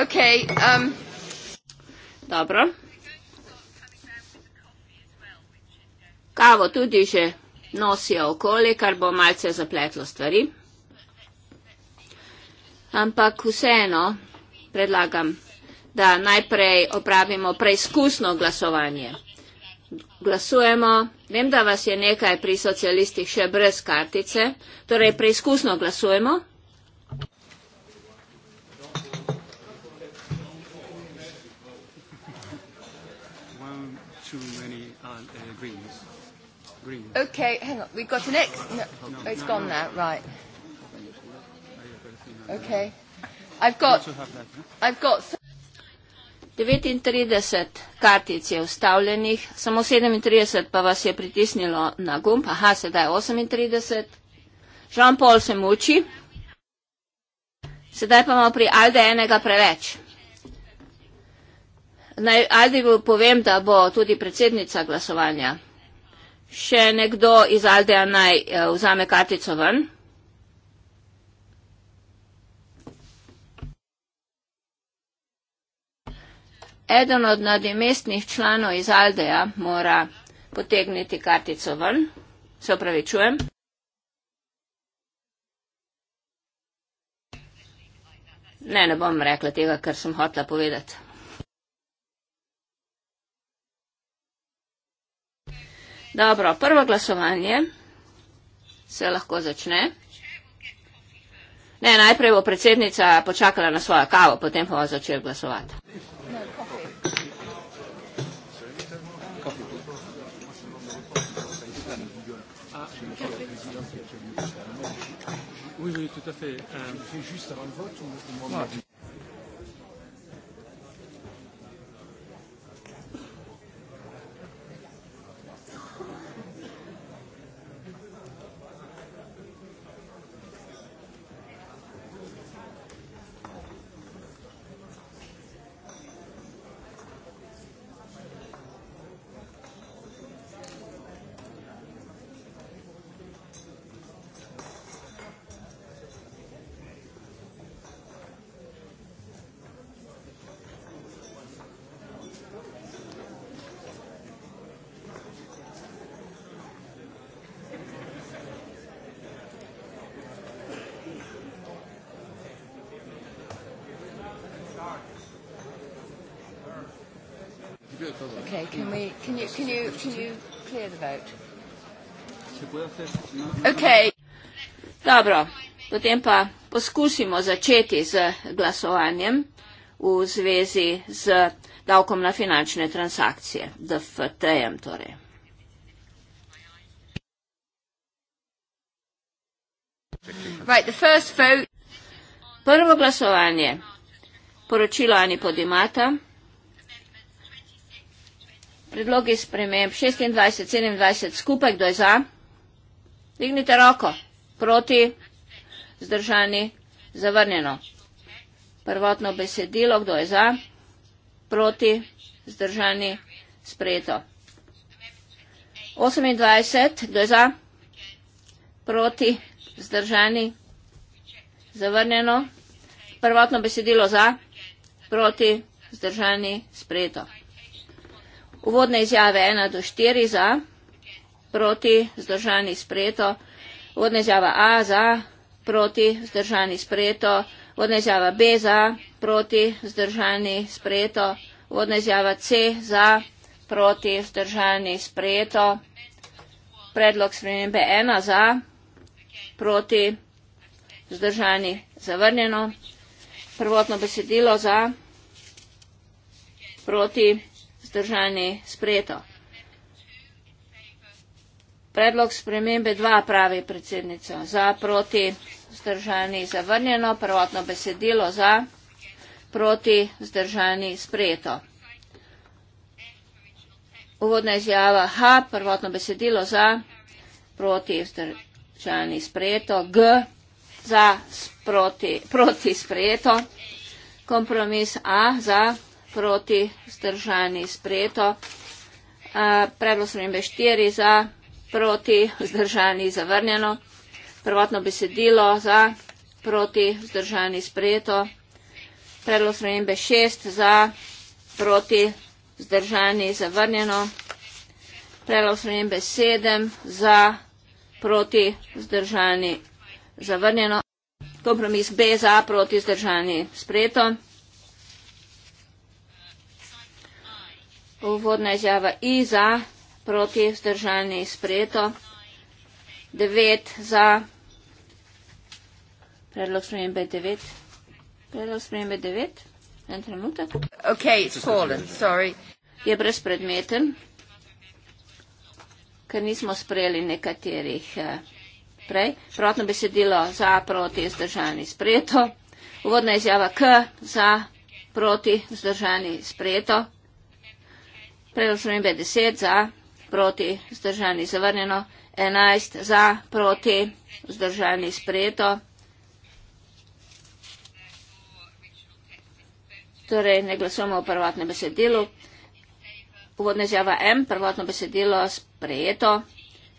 Ok. Um. Dobro. Kavo tudi že nosijo okoli, kar bo malce zapletlo stvari. Ampak vseeno predlagam, da najprej opravimo preizkusno glasovanje. Glasujemo, vem, da vas je nekaj pri socialistih še brez kartice, torej preizkusno glasujemo. Okay, hang on. We've got an ex. No, oh, it's gone now. Right. Okay. I've got. I've got. Th- 39 kartic je ustavljenih, samo 37 pa vas je pritisnilo na gumb, aha, sedaj je 38. Jean-Paul se muči. Sedaj pa imamo pri Alde enega preveč. Naj Aldi povem, da bo tudi predsednica glasovanja. Še nekdo iz Aldeja naj eh, vzame kartico ven. Eden od nadimestnih članov iz Aldeja mora potegniti kartico ven. Se upravičujem. Ne, ne bom rekla tega, kar sem hotla povedati. Dobro, prvo glasovanje se lahko začne. Ne, najprej bo predsednica počakala na svojo kavo, potem pa bo začel glasovati. Oui, oui, tout à fait. Euh, C'est juste avant le vote ou au moment ouais. du vote Okay, can we, can you, can you, can you clear the vote? Okay. Dobro, potem pa poskusimo začeti z glasovanjem v zvezi z davkom na finančne transakcije, DFT-em torej. Right, the first vote. Prvo glasovanje. Poročilo Ani Podimata. Prvo glasovanje. Predlogi sprememb 26, 27, skupaj kdo je za? Dignite roko. Proti, zdržani, zavrnjeno. Prvotno besedilo, kdo je za? Proti, zdržani, sprejeto. 28, kdo je za? Proti, zdržani, zavrnjeno. Prvotno besedilo za? Proti, zdržani, sprejeto. Uvodne izjave 1 do 4 za, proti, zdržani sprejeto. Uvodna izjava A za, proti, zdržani sprejeto. Uvodna izjava B za, proti, zdržani sprejeto. Uvodna izjava C za, proti, zdržani sprejeto. Predlog spremembe 1 za, proti, zdržani zavrnjeno. Prvotno besedilo za, proti, zdržani sprejeto vzdržani sprejeto. Predlog spremembe 2 pravi predsednica. Za proti vzdržani zavrnjeno, prvotno besedilo za proti vzdržani sprejeto. Uvodna izjava H, prvotno besedilo za proti vzdržani sprejeto, G za sproti, proti sprejeto, kompromis A za proti, vzdržani, sprejeto. Uh, predlog spremembe 4 za, proti, vzdržani, zavrnjeno. Prvotno besedilo za, proti, vzdržani, sprejeto. Predlog spremembe 6 za, proti, vzdržani, zavrnjeno. Predlog spremembe 7 za, proti, vzdržani, zavrnjeno. Kompromis B za, proti, vzdržani, sprejeto. Uvodna izjava I za, proti, vzdržanje izprejeto. 9 za, predlog spremembe 9. Predlog spremembe 9. En trenutek. Ok, it's fallen, sorry. Je brezpredmeten, ker nismo sprejeli nekaterih eh, prej. Pravotno besedilo za, proti, vzdržanje izprejeto. Uvodna izjava K za, proti, vzdržanje izprejeto. Predložen je 10 za, proti zdržani zavrnjeno, 11 za, proti zdržani sprejeto. Torej, ne glasujemo o prvotnem besedilu. Uvodna izjava M, prvotno besedilo sprejeto.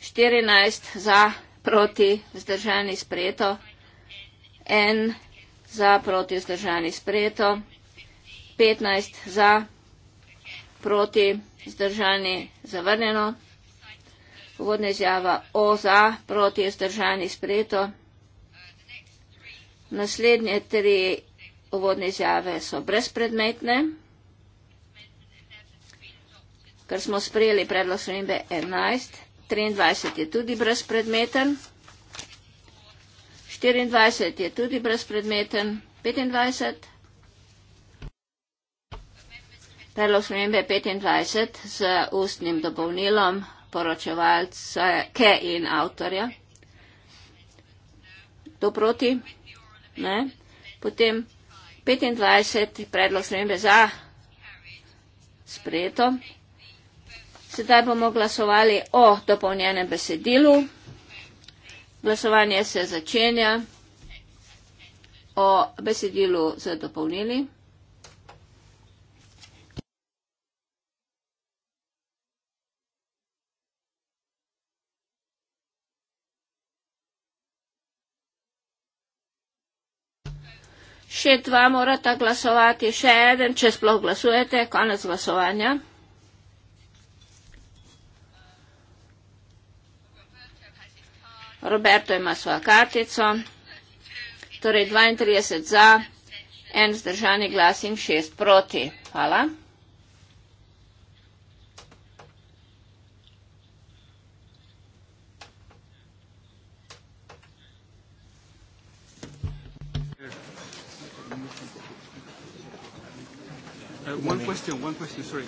14 za, proti zdržani sprejeto. N za, proti zdržani sprejeto. 15 za, proti zdržani sprejeto zdržani, zavrnjeno. Uvodna izjava o za, proti je zdržani, sprejeto. Naslednje tri uvodne izjave so brezpredmetne, ker smo sprejeli predlog srembe 11. 23 je tudi brezpredmeten, 24 je tudi brezpredmeten, 25 Predlog spremembe 25 z ustnim dopolnilom poročevalce ke in avtorja. To proti? Ne. Potem 25 predlog spremembe za sprejeto. Sedaj bomo glasovali o dopolnjenem besedilu. Glasovanje se začenja o besedilu z dopolnili. Še dva morata glasovati, še eden, če sploh glasujete, konec glasovanja. Roberto ima svojo kartico, torej 32 za, en zdržani glas in 6 proti. Hvala. One question, one question, sorry.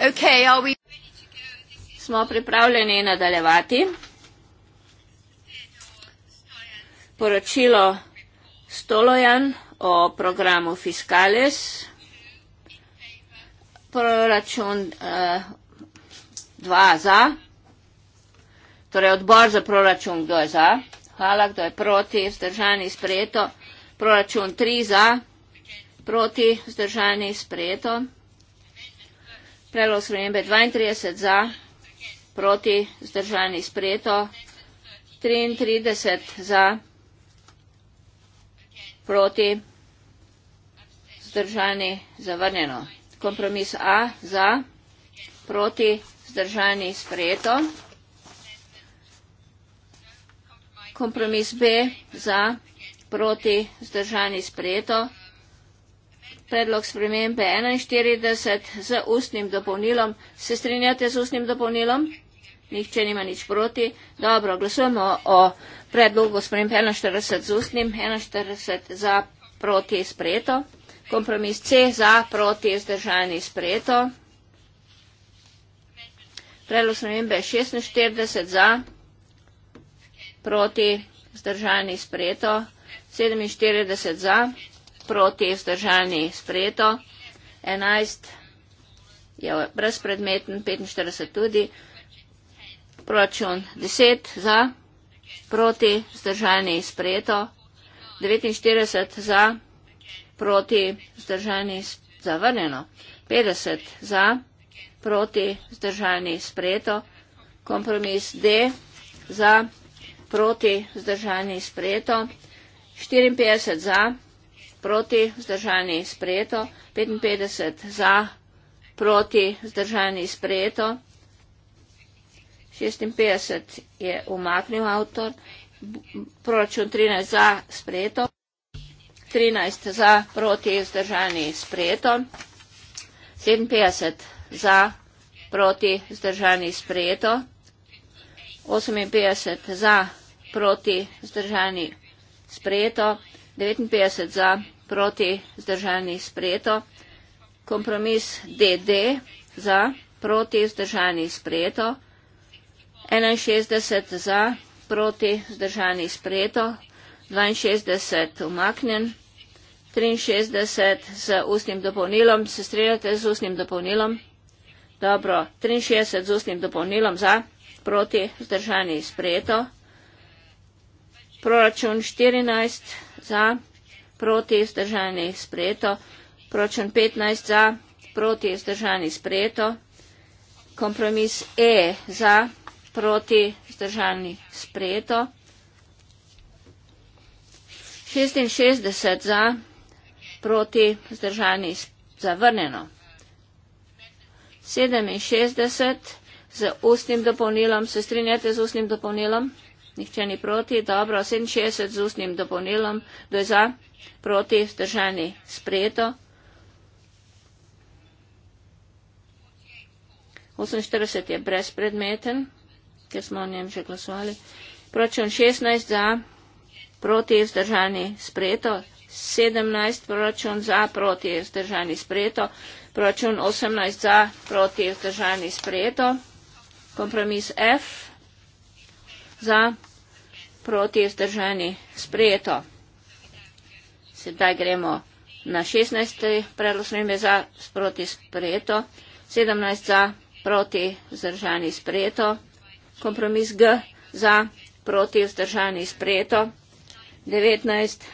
Okay, are we ready to go? Smo pripravljeni nadaljevati. Poročilo Stolojan o programu Fiscalis proračun uh, dva za, torej odbor za proračun kdo je za, hvala, kdo je proti, zdržani sprejeto, proračun tri za, proti, zdržani sprejeto, predlog spremembe 32 za, proti, zdržani sprejeto, 33 za, proti, zdržani zavrnjeno kompromis A za, proti, zdržani, sprejeto. Kompromis B za, proti, zdržani, sprejeto. Predlog spremembe 41 z ustnim dopolnilom. Se strinjate z ustnim dopolnilom? Nihče nima nič proti. Dobro, glasujemo o predlogu spremembe 41 z ustnim, 41 za, proti, sprejeto. Kompromis C za, proti, zdržani, sprejeto. Predlog spremembe 46 za, proti, zdržani, sprejeto. 47 za, proti, zdržani, sprejeto. 11 je brezpredmeten, 45 tudi. Proračun 10 za, proti, zdržani, sprejeto. 49 za, proti, zdržani, sprejeto proti, vzdržani, zavrnjeno. 50 za, proti, vzdržani, sprejeto. Kompromis D za, proti, vzdržani, sprejeto. 54 za, proti, vzdržani, sprejeto. 55 za, proti, vzdržani, sprejeto. 56 je umaknil avtor. Proračun 13 za, sprejeto. 13 za, proti zdržani sprejeto, 57 za, proti zdržani sprejeto, 58 za, proti zdržani sprejeto, 59 za, proti zdržani sprejeto, kompromis DD za, proti zdržani sprejeto, 61 za, proti zdržani sprejeto, 62 umaknjen. 63 z ustnim dopolnilom. Se strinjate z ustnim dopolnilom? Dobro, 63 z ustnim dopolnilom za, proti, vzdržani sprejeto. Proračun 14 za, proti, vzdržani sprejeto. Proračun 15 za, proti, vzdržani sprejeto. Kompromis E za, proti, vzdržani sprejeto. 66 za, proti, vzdržani sprejeto proti zdržani zavrnjeno. 67 z ustnim dopolnilom. Se strinjate z ustnim dopolnilom? Nihče ni proti. Dobro, 67 z ustnim dopolnilom. Kdo je za? Proti zdržani sprejeto. 48 je brezpredmeten, ker smo o njem že glasovali. Proračun 16 za, proti vzdržani sprejeto, 17 proračun za, proti je zdržani sprejeto, proračun 18 za, proti je zdržani sprejeto, kompromis F za, proti je zdržani sprejeto. Sedaj gremo na 16. predlog sprejme za, proti sprejeto, 17 za, proti zdržani sprejeto, kompromis G za, proti je zdržani sprejeto, 19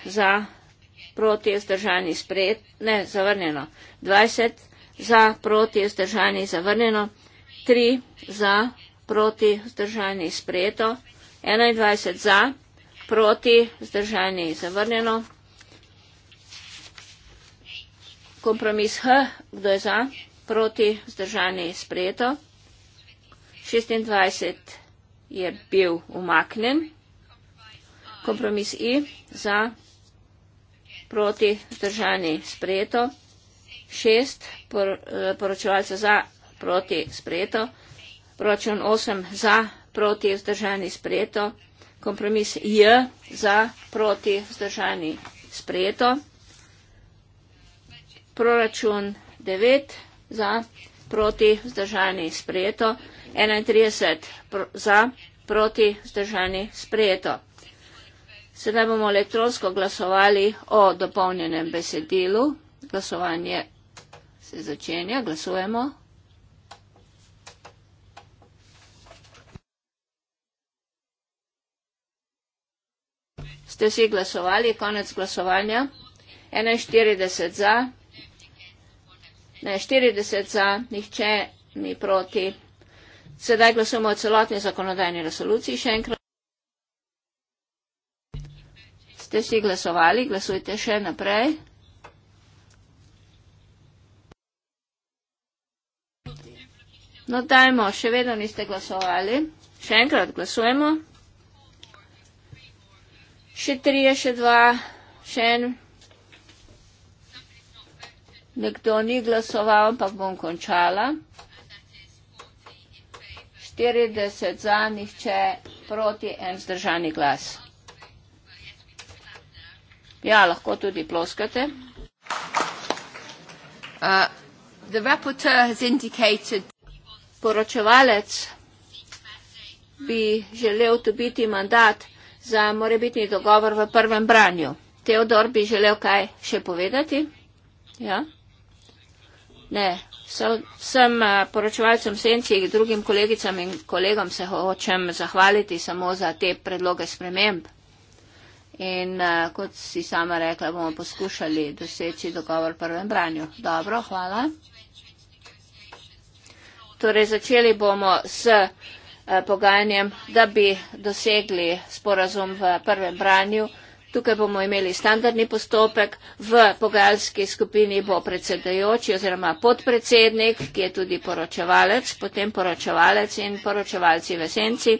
za, proti, vzdržani, sprejet, ne, zavrnjeno. 20 za, proti, vzdržani, zavrnjeno. 3 za, proti, vzdržani, sprejeto. 21 za, proti, vzdržani, zavrnjeno. Kompromis H, kdo je za, proti, vzdržani, sprejeto. 26 je bil umaknen. Kompromis I za, proti zdržani sprejeto, šest por, eh, poročevalce za proti sprejeto, proračun osem za proti vzdržani sprejeto, kompromis J za proti vzdržani sprejeto, proračun 9 za proti vzdržani sprejeto, 31 pro, za proti vzdržani sprejeto. Sedaj bomo elektronsko glasovali o dopolnjenem besedilu. Glasovanje se začenja. Glasujemo. Ste vsi glasovali? Konec glasovanja. 41 za. Ne, 40 za, nihče ni proti. Sedaj glasujemo o celotni zakonodajni resoluciji. Še enkrat. ste si glasovali, glasujte še naprej. No, dajmo, še vedno niste glasovali. Še enkrat glasujemo. Še trije, še dva, še en. Nekdo ni glasoval, ampak bom končala. 40 za, nihče proti, en zdržani glas. Ja, lahko tudi ploskate. Uh, Poročevalec bi želel dobiti mandat za morebitni dogovor v prvem branju. Teodor bi želel kaj še povedati? Ja? Ne. Vsem, vsem uh, poročevalcem senci in drugim kolegicam in kolegom se hočem zahvaliti samo za te predloge sprememb. In uh, kot si sama rekla, bomo poskušali doseči dogovor v prvem branju. Dobro, hvala. Torej, začeli bomo s uh, pogajanjem, da bi dosegli sporazum v prvem branju. Tukaj bomo imeli standardni postopek, v pogajalski skupini bo predsedajoči oziroma podpredsednik, ki je tudi poročevalec, potem poročevalec in poročevalci v senci.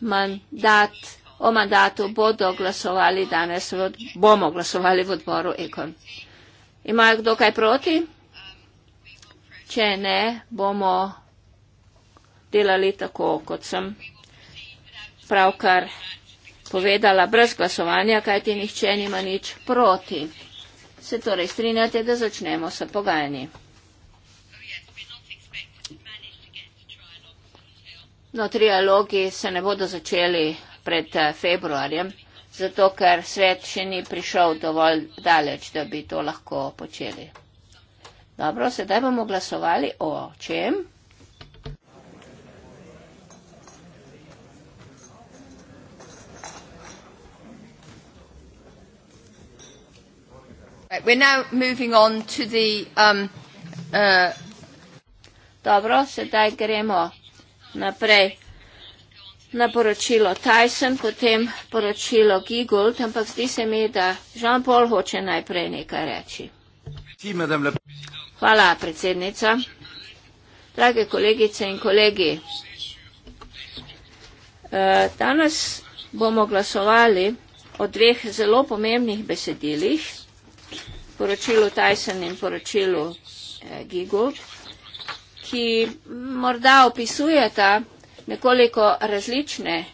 Mandat o mandatu bodo glasovali danes, v, bomo glasovali v odboru Ekon. Imajo kdo kaj proti? Če ne, bomo delali tako, kot sem pravkar povedala, brez glasovanja, kajti nihče nima nič proti. Se torej strinjate, da začnemo s pogajanji. No, trialogi se ne bodo začeli pred eh, februarjem, zato ker svet še ni prišel dovolj daleč, da bi to lahko počeli. Dobro, sedaj bomo glasovali o čem? We're now moving on to the. Um, uh, Dobro, sedaj gremo naprej na poročilo Tyson, potem poročilo Gigult, ampak zdi se mi, da Jean-Paul hoče najprej nekaj reči. Hvala, predsednica. Drage kolegice in kolegi, eh, danes bomo glasovali o dveh zelo pomembnih besedilih, poročilu Tyson in poročilu eh, Gigult, ki morda opisujeta, nekoliko različne,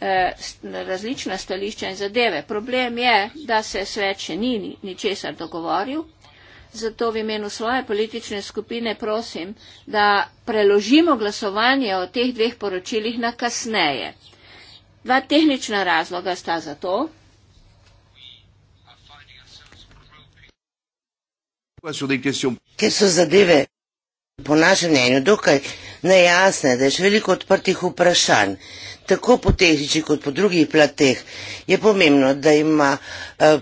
eh, različna stališča in zadeve. Problem je, da se svet še ni ničesar dogovoril. Zato v imenu svoje politične skupine prosim, da preložimo glasovanje o teh dveh poročilih na kasneje. Dva tehnična razloga sta za to. Ker so zadeve po našem mnenju dokaj nejasne, da je še veliko odprtih vprašanj, tako po tehnični kot po drugih plateh, je pomembno, da ima eh,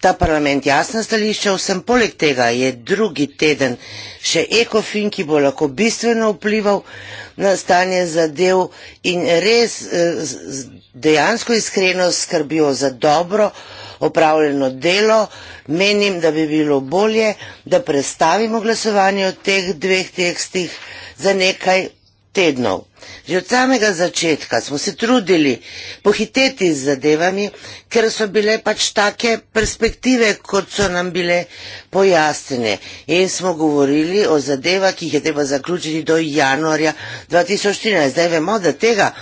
ta parlament jasna stališča. Vsem poleg tega je drugi teden še ekofin, ki bo lahko bistveno vplival na stanje zadev in res eh, dejansko iskreno skrbijo za dobro, opravljeno delo, menim, da bi bilo bolje, da prestavimo glasovanje o teh dveh tekstih za nekaj tednov. Že od samega začetka smo se trudili pohiteti z zadevami, ker so bile pač take perspektive, kot so nam bile pojasnjene. In smo govorili o zadevah, ki jih je treba zaključiti do januarja 2014. Zdaj vemo, da tega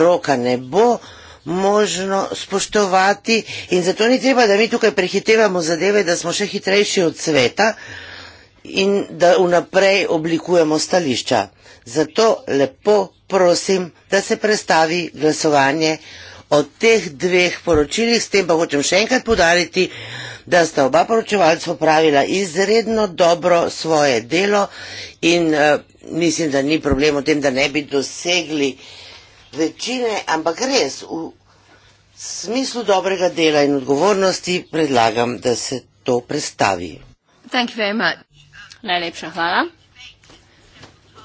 roka ne bo možno spoštovati in zato ni treba, da mi tukaj prehitevamo zadeve, da smo še hitrejši od sveta in da vnaprej oblikujemo stališča. Zato lepo prosim, da se prestavi glasovanje o teh dveh poročilih. S tem pa hočem še enkrat podariti, da sta oba poročevalca opravila izredno dobro svoje delo in uh, mislim, da ni problem v tem, da ne bi dosegli uh, večine, ampak res v smislu dobrega dela in odgovornosti predlagam, da se to predstavi. Najlepša hvala.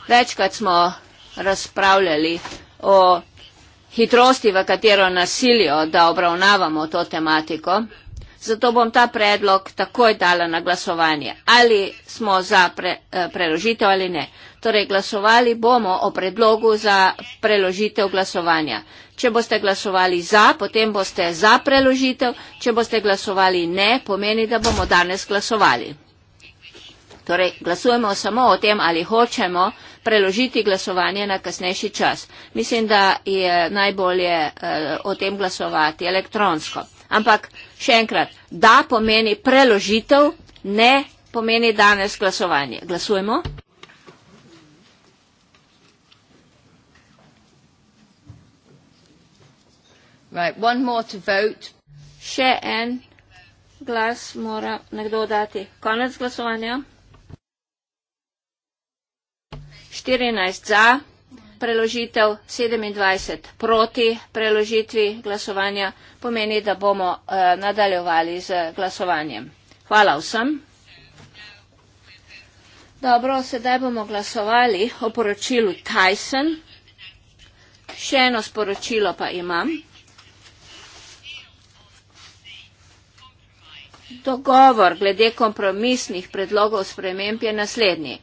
Večkrat smo razpravljali o hitrosti, v katero nasilijo, da obravnavamo to tematiko. Zato bom ta predlog takoj dala na glasovanje, ali smo za pre, eh, preložitev ali ne. Torej, glasovali bomo o predlogu za preložitev glasovanja. Če boste glasovali za, potem boste za preložitev. Če boste glasovali ne, pomeni, da bomo danes glasovali. Torej, glasujemo samo o tem, ali hočemo preložiti glasovanje na kasnejši čas. Mislim, da je najbolje eh, o tem glasovati elektronsko. Ampak še enkrat, da pomeni preložitev, ne pomeni danes glasovanje. Glasujemo. Right, one more to vote. Še en glas mora nekdo dati. Konec glasovanja. 14 za preložitev, 27 proti preložitvi glasovanja. Pomeni, da bomo uh, nadaljevali z glasovanjem. Hvala vsem. Dobro, sedaj bomo glasovali o poročilu Tyson. Še eno sporočilo pa imam. Dogovor glede kompromisnih predlogov sprememb je naslednji.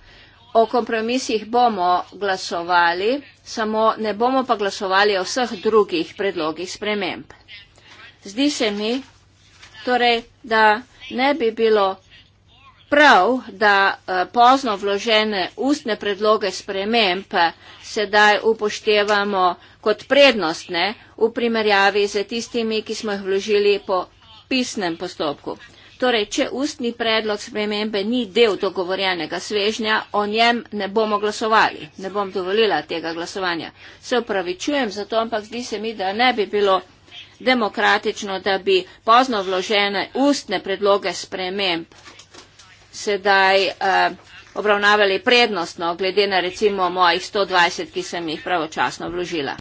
O kompromisih bomo glasovali, samo ne bomo pa glasovali o vseh drugih predlogih sprememb. Zdi se mi, torej, da ne bi bilo prav, da eh, pozno vložene ustne predloge sprememb eh, sedaj upoštevamo kot prednostne v primerjavi z tistimi, ki smo jih vložili po pisnem postopku. Torej, če ustni predlog spremembe ni del dogovorjenega svežnja, o njem ne bomo glasovali. Ne bom dovolila tega glasovanja. Se upravičujem za to, ampak zdi se mi, da ne bi bilo demokratično, da bi pozno vložene ustne predloge sprememb sedaj eh, obravnavali prednostno, glede na recimo mojih 120, ki sem jih pravočasno vložila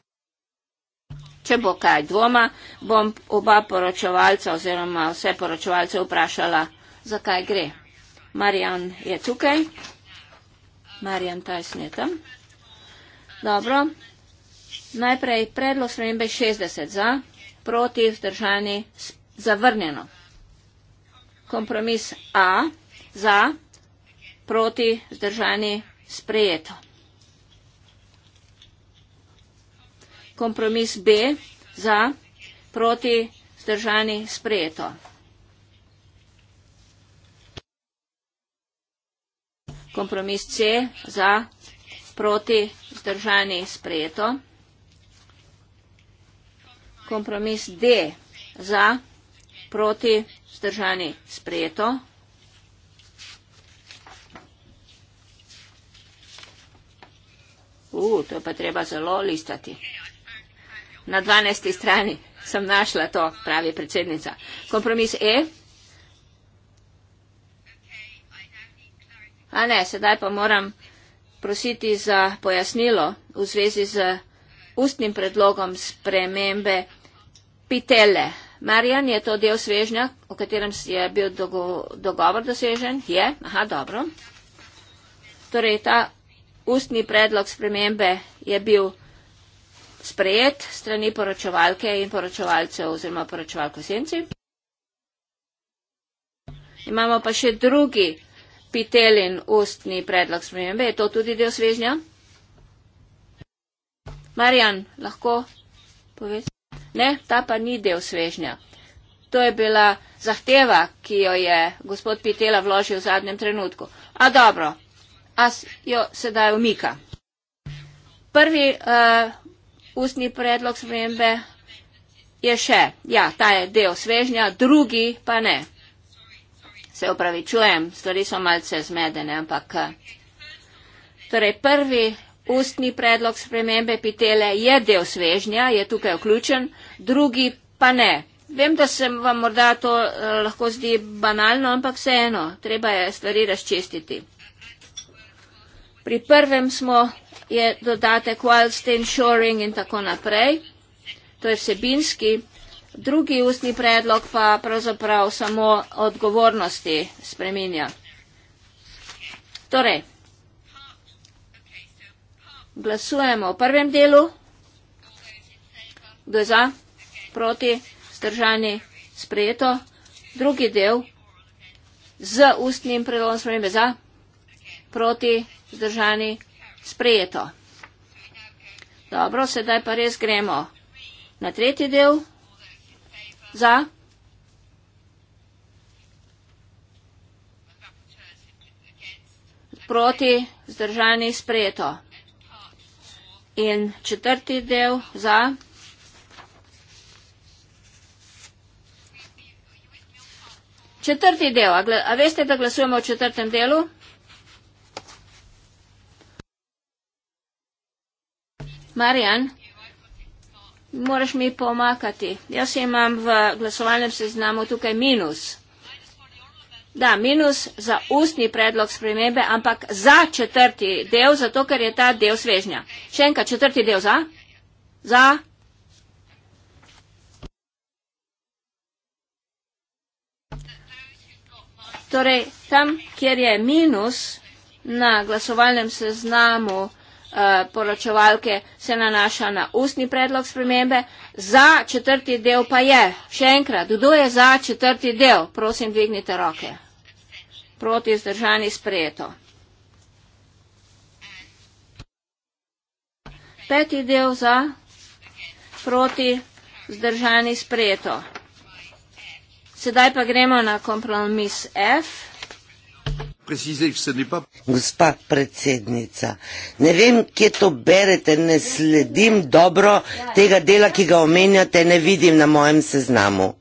če bo kaj dvoma, bom oba poročevalca oziroma vse poročevalce vprašala, zakaj gre. Marjan je tukaj. Marjan Tyson je tam. Dobro. Najprej predlog spremembe 60 za, proti vzdržani zavrnjeno. Kompromis A za, proti vzdržani sprejeto. kompromis B za proti zdržani sprejeto. Kompromis C za proti zdržani sprejeto. Kompromis D za proti zdržani sprejeto. U, to je pa treba zelo listati na 12. strani sem našla to, pravi predsednica. Kompromis E. A ne, sedaj pa moram prositi za pojasnilo v zvezi z ustnim predlogom spremembe pitele. Marjan, je to del svežnja, o katerem je bil dogo dogovor dosežen? Je? Aha, dobro. Torej, ta ustni predlog spremembe je bil sprejet strani poročevalke in poročevalcev oziroma poročevalko senci. Imamo pa še drugi pitelin ustni predlog spremembe. Je to tudi del svežnja? Marjan, lahko poveš? Ne, ta pa ni del svežnja. To je bila zahteva, ki jo je gospod Pitela vložil v zadnjem trenutku. A dobro, as jo sedaj umika. Prvi uh, ustni predlog spremembe je še, ja, ta je del svežnja, drugi pa ne. Se upravičujem, stvari so malce zmedene, ampak. Eh, torej, prvi ustni predlog spremembe pitele je del svežnja, je tukaj vključen, drugi pa ne. Vem, da se vam morda to eh, lahko zdi banalno, ampak vseeno, treba je stvari razčistiti. Pri prvem smo je dodatek whilst ensuring in tako naprej. To je vsebinski. Drugi ustni predlog pa pravzaprav samo odgovornosti spreminja. Torej, glasujemo v prvem delu. Kdo je za? Proti? Zdržani? Sprejeto? Drugi del? Z ustnim predlogom spremembe za? Proti? Zdržani? sprejeto. Dobro, sedaj pa res gremo na tretji del. Za. Proti zdržani sprejeto. In četrti del za. Četrti del. A, a veste, da glasujemo v četrtem delu? Marjan, moraš mi pomakati. Jaz imam v glasovalnem seznamu tukaj minus. Da, minus za ustni predlog spremembe, ampak za četrti del, zato ker je ta del svežnja. Še enkrat, četrti del za? Za? Torej, tam, kjer je minus na glasovalnem seznamu, Eh, poročevalke se nanaša na ustni predlog spremembe, za četrti del pa je, še enkrat, kdo je za četrti del, prosim, dvignite roke. Proti zdržani sprejeto. Peti del za, proti zdržani sprejeto. Sedaj pa gremo na kompromis F. Gospa predsednica, ne vem, kje to berete, ne sledim dobro tega dela, ki ga omenjate, ne vidim na mojem seznamu.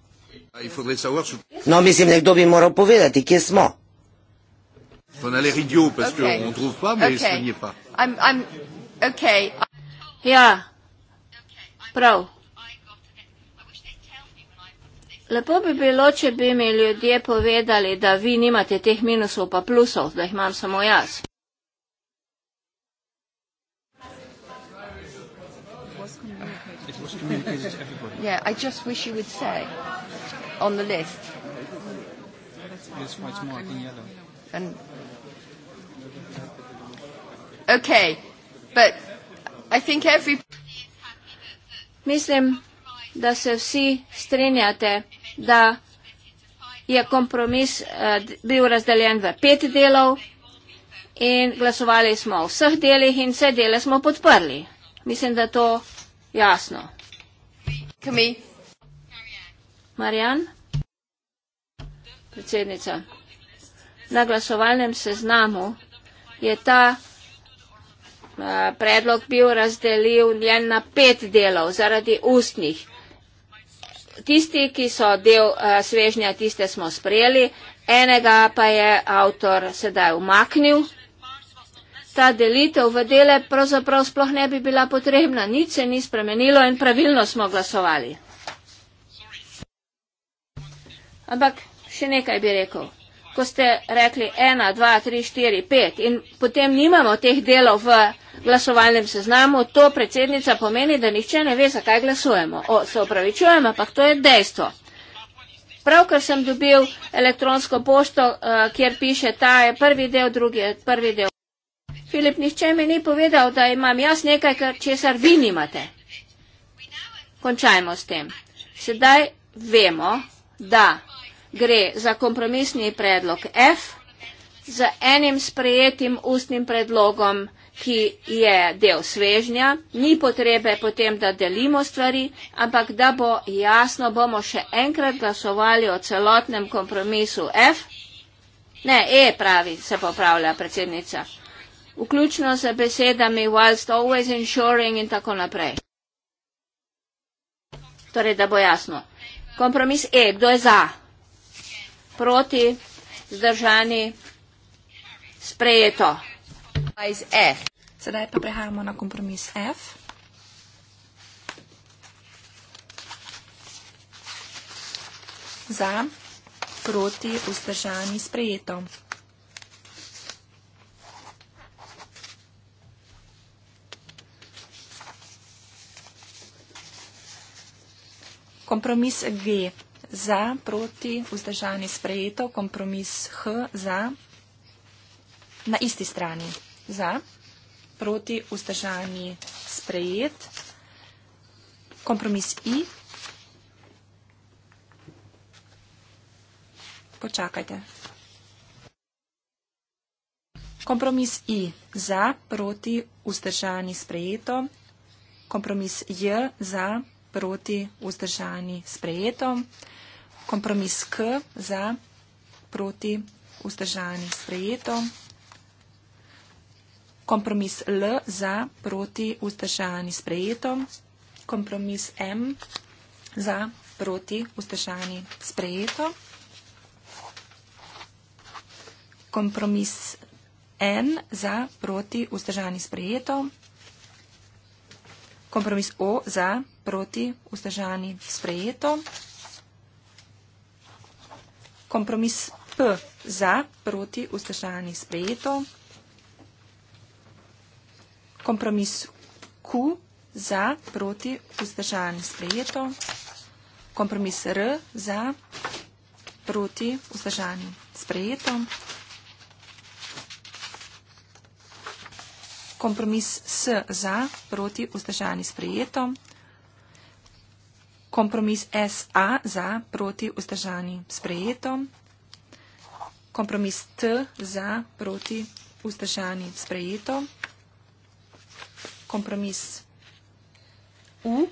No, mislim, nekdo bi moral povedati, kje smo. Ja, prav. Lepo bi bilo, če bi mi ljudje povedali, da vi nimate teh minusov pa plusov, da jih imam samo jaz. Mislim, da se vsi strinjate da je kompromis eh, bil razdeljen v pet delov in glasovali smo o vseh delih in vse dele smo podprli. Mislim, da je to jasno. Marjan, predsednica, na glasovalnem seznamu je ta eh, predlog bil razdeljen na pet delov zaradi ustnih tisti, ki so del uh, svežnja, tiste smo sprejeli, enega pa je avtor sedaj umaknil. Ta delitev v dele pravzaprav sploh ne bi bila potrebna, nič se ni spremenilo in pravilno smo glasovali. Ampak še nekaj bi rekel. Ko ste rekli 1, 2, 3, 4, 5 in potem nimamo teh delov v glasovalnem seznamu, to predsednica pomeni, da nihče ne ve, zakaj glasujemo. O, se opravičujem, ampak to je dejstvo. Pravkar sem dobil elektronsko pošto, eh, kjer piše, ta je prvi del, drugi je prvi del. Filip, nihče mi ni povedal, da imam jaz nekaj, česar vi nimate. Končajmo s tem. Sedaj vemo, da gre za kompromisni predlog F, za enim sprejetim ustnim predlogom ki je del svežnja, ni potrebe potem, da delimo stvari, ampak da bo jasno, bomo še enkrat glasovali o celotnem kompromisu F. Ne, E pravi, se popravlja predsednica. Vključno z besedami whilst always ensuring in tako naprej. Torej, da bo jasno. Kompromis E, kdo je za? Proti, zdržani, sprejeto kompromis F. Sedaj pa prehajamo na kompromis F. Za, proti, vzdržani, sprejeto. Kompromis G. Za, proti, vzdržani, sprejeto. Kompromis H. Za, na isti strani za, proti vzdržani sprejet, kompromis I. Počakajte. Kompromis I za, proti vzdržani sprejeto, kompromis J za, proti vzdržani sprejeto, kompromis K za, proti vzdržani sprejeto. Kompromis L za proti ustrašani sprejeto. Kompromis M za proti ustrašani sprejeto. Kompromis N za proti ustrašani sprejeto. Kompromis O za proti ustrašani sprejeto. Kompromis P za proti ustrašani sprejeto. Kompromis Q za, proti, vzdržan, sprejeto. Kompromis R za, proti, vzdržan, sprejeto. Kompromis S za, proti, vzdržan, sprejeto. Kompromis SA za, proti, vzdržan, sprejeto. Kompromis T za, proti, vzdržan, sprejeto kompromis. U.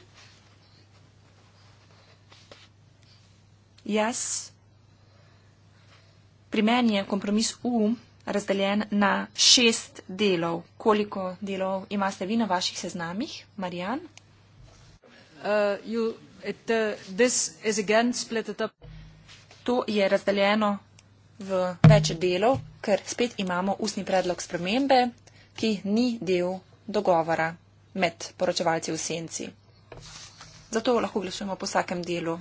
Jaz. Pri meni je kompromis U razdeljen na šest delov. Koliko delov imate vi na vaših seznamih, Marjan? Uh, uh, to je razdeljeno v več delov, ker spet imamo ustni predlog spremembe, ki ni del dogovora med poročevalci v senci. Zato lahko glasujemo po vsakem delu.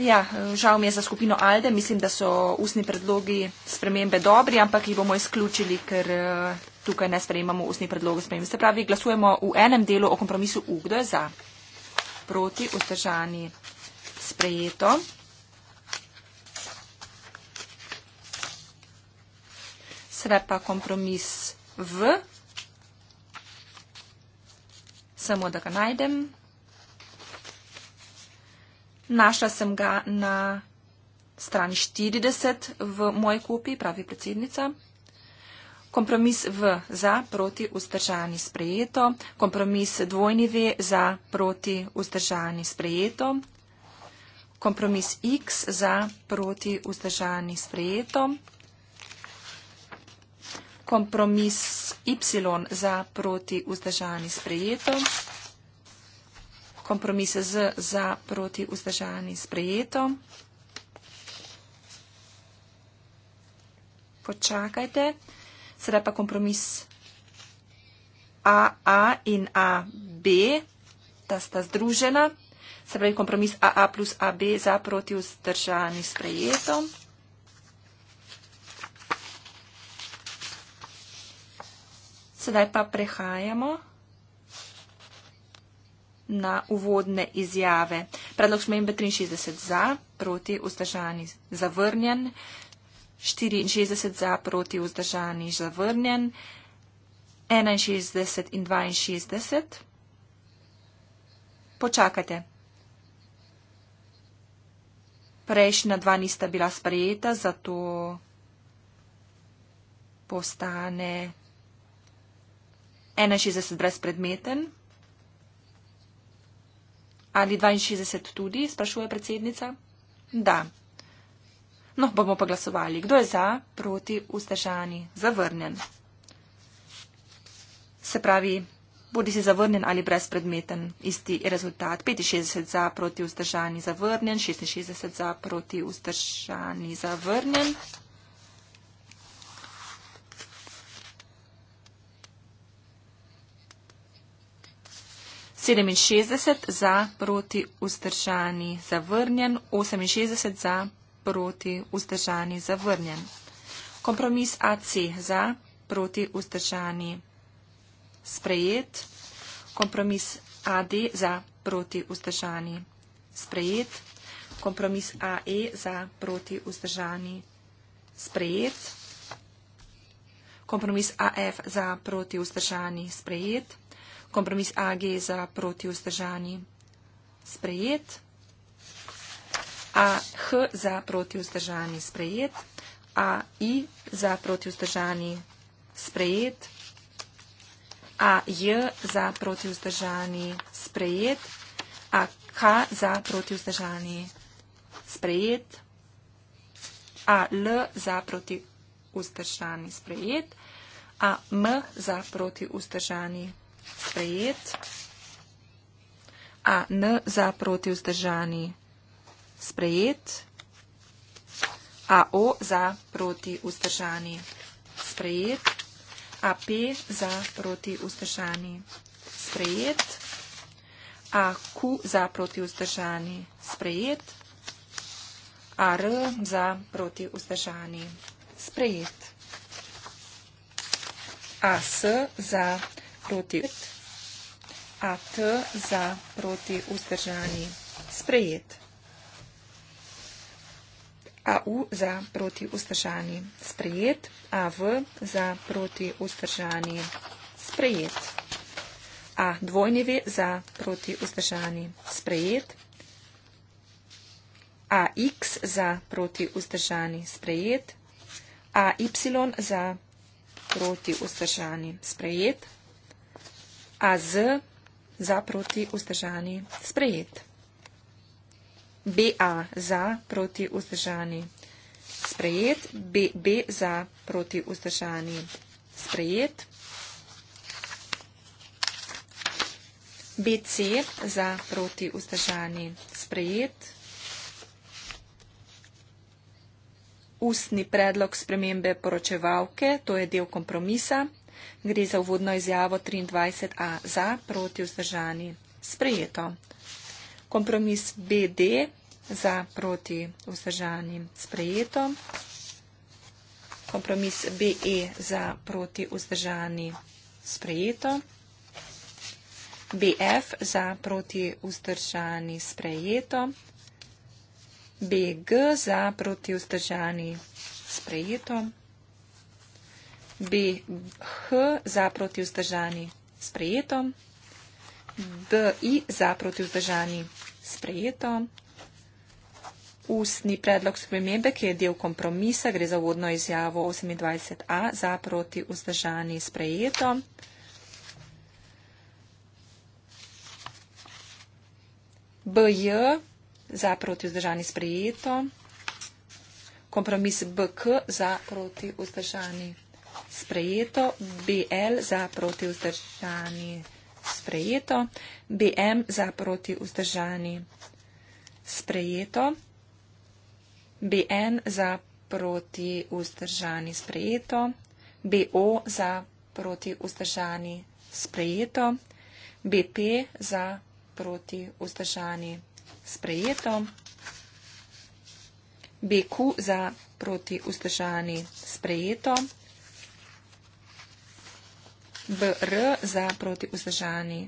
Ja, žal mi je za skupino Alde, mislim, da so usni predlogi spremembe dobri, ampak jih bomo izključili, ker eh, tukaj ne sprejemamo usni predlogi spremembe. Se pravi, glasujemo v enem delu o kompromisu UGDO za proti, vzdržani, sprejeto. será para compromisso V. Samo da ga najdem. Našla sem ga na strani 40 v moji kupi, pravi predsednica. Kompromis V za proti vzdržani sprejeto. Kompromis dvojni V za proti vzdržani sprejeto. Kompromis X za proti vzdržani sprejeto kompromis Y za proti vzdržani sprejeto. Kompromis Z za proti vzdržani sprejeto. Počakajte. Sedaj pa kompromis AA in AB, da sta združena. Se pravi kompromis AA plus AB za proti vzdržani sprejeto. Sedaj pa prehajamo na uvodne izjave. Predlog smembe 63 za, proti vzdržani zavrnjen, 64 za, proti vzdržani zavrnjen, 61 in 62. Počakajte. Prejšnja dva nista bila sprejeta, zato postane 61 brezpredmeten ali 62 tudi, sprašuje predsednica. Da. No, bomo pa glasovali. Kdo je za, proti, vzdržani, zavrnjen? Se pravi, bodi si zavrnjen ali brezpredmeten, isti rezultat. 65 za, proti, vzdržani, zavrnjen, 66 za, proti, vzdržani, zavrnjen. 67 za, proti vzdržani, zavrnjen. 68 za, proti vzdržani, zavrnjen. Kompromis AC za, proti vzdržani, sprejet. Kompromis AD za, proti vzdržani, sprejet. Kompromis AE za, proti vzdržani, sprejet. Kompromis AF za, proti vzdržani, sprejet. Kompromis AG za proti vzdržani. Sprejet. AH za proti vzdržani. Sprejet. AI za proti vzdržani. Sprejet. AJ za proti vzdržani. Sprejet. AK za proti vzdržani. Sprejet. AL za proti vzdržani. Sprejet. AM za proti vzdržani. Sprejet sprejet. A, N za proti vzdržani sprejet. A, O za proti vzdržani sprejet. A, P za proti vzdržani sprejet. A, Q za proti vzdržani sprejet. A, R za proti vzdržani sprejet. A, S za proti vzdržani sprejet proti A T za proti vzdržani sprejet. A U za proti vzdržani sprejet. A V za proti vzdržani sprejet. A dvojni V za proti vzdržani sprejet. A X za proti vzdržani sprejet. A Y za proti vzdržani sprejet a z za proti vzdržani sprejet. BA za proti vzdržani sprejet, BB za proti vzdržani sprejet, BC za proti vzdržani sprejet, ustni predlog spremembe poročevalke, to je del kompromisa, Gre za uvodno izjavo 23a za, proti vzdržani, sprejeto. Kompromis BD za, proti vzdržani, sprejeto. Kompromis BE za, proti vzdržani, sprejeto. BF za, proti vzdržani, sprejeto. BG za, proti vzdržani, sprejeto. B, H za proti vzdržani sprejeto, D, I za proti vzdržani sprejeto, ustni predlog spremembe, ki je del kompromisa, gre za vodno izjavo 28a za proti vzdržani sprejeto. BJ za proti vzdržani sprejeto, kompromis BK za proti vzdržani sprejeto sprejeto, BL za proti vzdržani sprejeto, BM za proti vzdržani sprejeto, BN za proti vzdržani sprejeto, BO za proti vzdržani sprejeto, BP za proti vzdržani sprejeto, BQ za proti vzdržani sprejeto, BR za proti vzdržani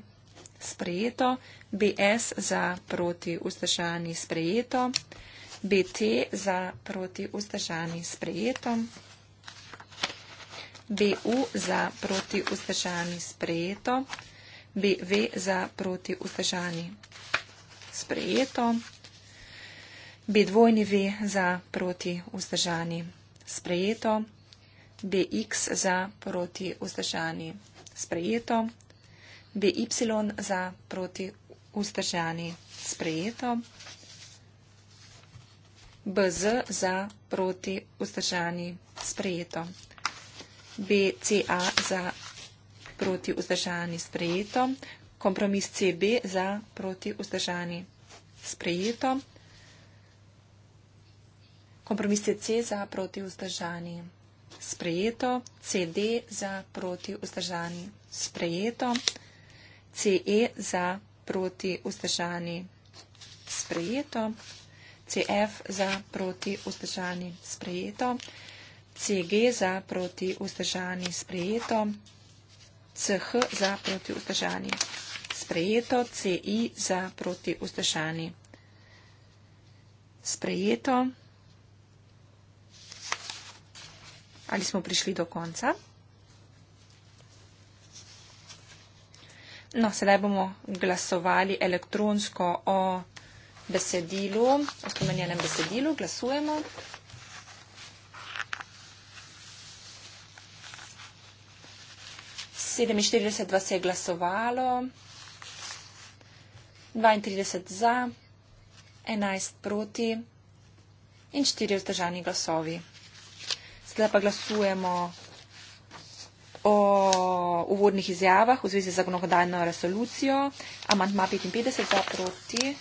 sprejeto, BS za proti vzdržani sprejeto, BT za proti vzdržani sprejeto, BU za proti vzdržani sprejeto, BV za proti vzdržani sprejeto, BW za proti vzdržani sprejeto, BX za proti vzdržani sprejeto sprejeto, BY za proti vzdržani sprejeto, BZ za proti vzdržani sprejeto, BCA za proti vzdržani sprejeto, kompromis CB za proti vzdržani sprejeto, kompromis CC za proti vzdržani sprejeto sprejeto, CD za proti vzdržani sprejeto, CE za proti vzdržani sprejeto, CF za proti vzdržani sprejeto, CG za proti vzdržani sprejeto, CH za proti vzdržani sprejeto, CI za proti vzdržani sprejeto. ali smo prišli do konca. No, sedaj bomo glasovali elektronsko o besedilu, o spomenjenem besedilu, glasujemo. Sedeminštirideset vas je glasovalo, dvaintrideset za, enajst proti in štiri vzdržani glasovi. Sedaj pa glasujemo o uvodnih izjavah v zvezi z zakonodajno resolucijo. Amantma 55 za proti.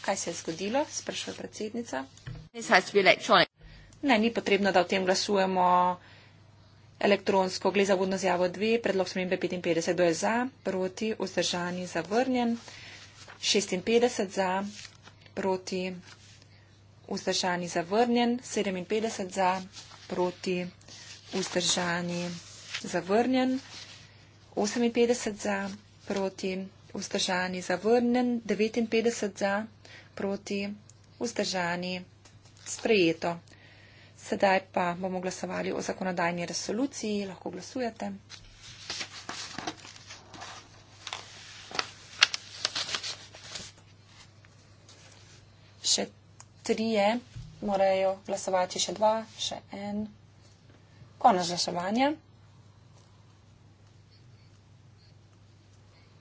Kaj se je zgodilo? Sprašuje predsednica. Ne, ni potrebno, da o tem glasujemo elektronsko. Gle za vodno zjavo 2, predlog smembe 55. Kdo je za? Proti, vzdržani, zavrnjen. 56 za, proti, vzdržani zavrnjen, 57 za, proti vzdržani zavrnjen, 58 za, proti vzdržani zavrnjen, 59 za, proti vzdržani sprejeto. Sedaj pa bomo glasovali o zakonodajni resoluciji, lahko glasujete. trije, morajo glasovati še dva, še en. Konec glasovanja.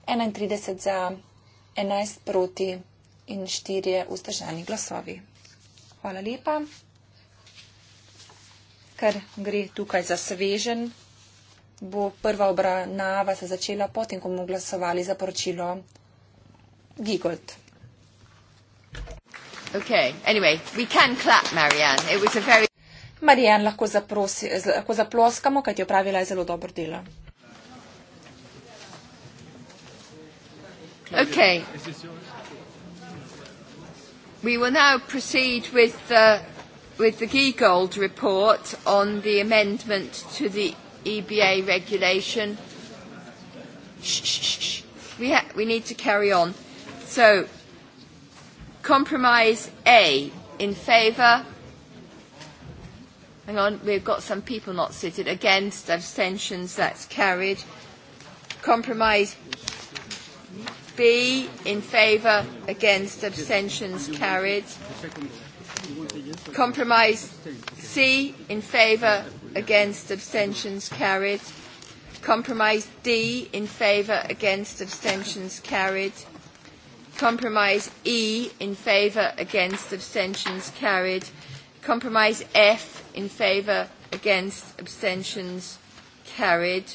31 za, 11 proti in 4 vzdržani glasovi. Hvala lepa. Ker gre tukaj za svežen, bo prva obravnava se začela potem, ko bomo glasovali za poročilo Gigot. Okay. Anyway, we can clap, Marianne. It was a very. Marianne, lahko, zaprosi, lahko zaploskamo, kaj ti opravila je zelo dobro delo. Okay. We will now proceed with the, with the Giegold report on the amendment to the EBA regulation. Shh, shh, shh. We, ha- we need to carry on. So, Compromise A, in favour. Hang on, we've got some people not seated. Against, abstentions, that's carried. Compromise B, in favour. Against, abstentions, carried. Compromise C, in favour. Against, abstentions, carried. Compromise D, in favour. Against, abstentions, carried. Compromise E in favour, against, abstentions carried. Compromise F in favour, against, abstentions carried.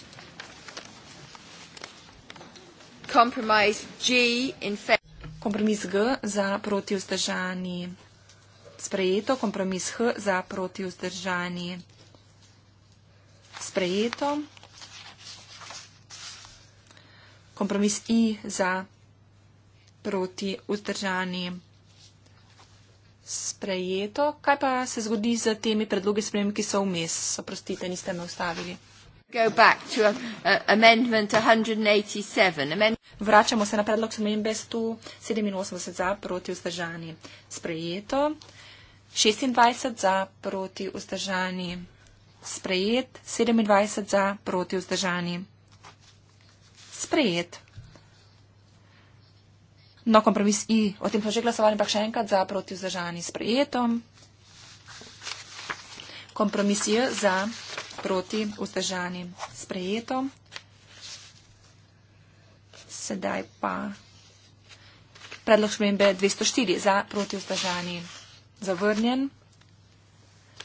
Compromise G in favour. Compromis G za proti vzdržani sprejeto. Compromis H za proti vzdržani sprejeto. Compromis I za proti vzdržani sprejeto proti vzdržani sprejeto. Kaj pa se zgodi z temi predlogi sprejem, ki so vmes? Oprostite, niste me ustavili. Uh, uh, Vračamo se na predlog spremembe 187 za proti vzdržani sprejeto, 26 za proti vzdržani sprejet, 27 za proti vzdržani sprejet. No, kompromis I, o tem smo že glasovali, ampak še enkrat za proti vzdržani s prijetom. Kompromis J za proti vzdržani s prijetom. Sedaj pa predlog šmembe 204 za proti vzdržani zavrnjen.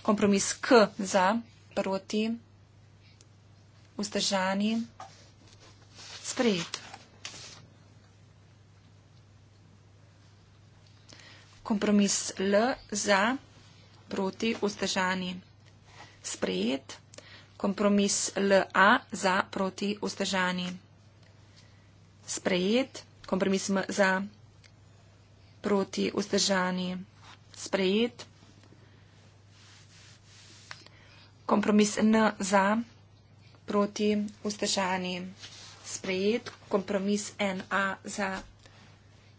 Kompromis K za proti vzdržani sprejeto. kompromis L za, proti, vzdržani, sprejet. Kompromis LA za, proti, vzdržani, sprejet. Kompromis M za, proti, vzdržani, sprejet. Kompromis N za, proti, vzdržani, sprejet. Kompromis NA za, proti, vzdržani, sprejet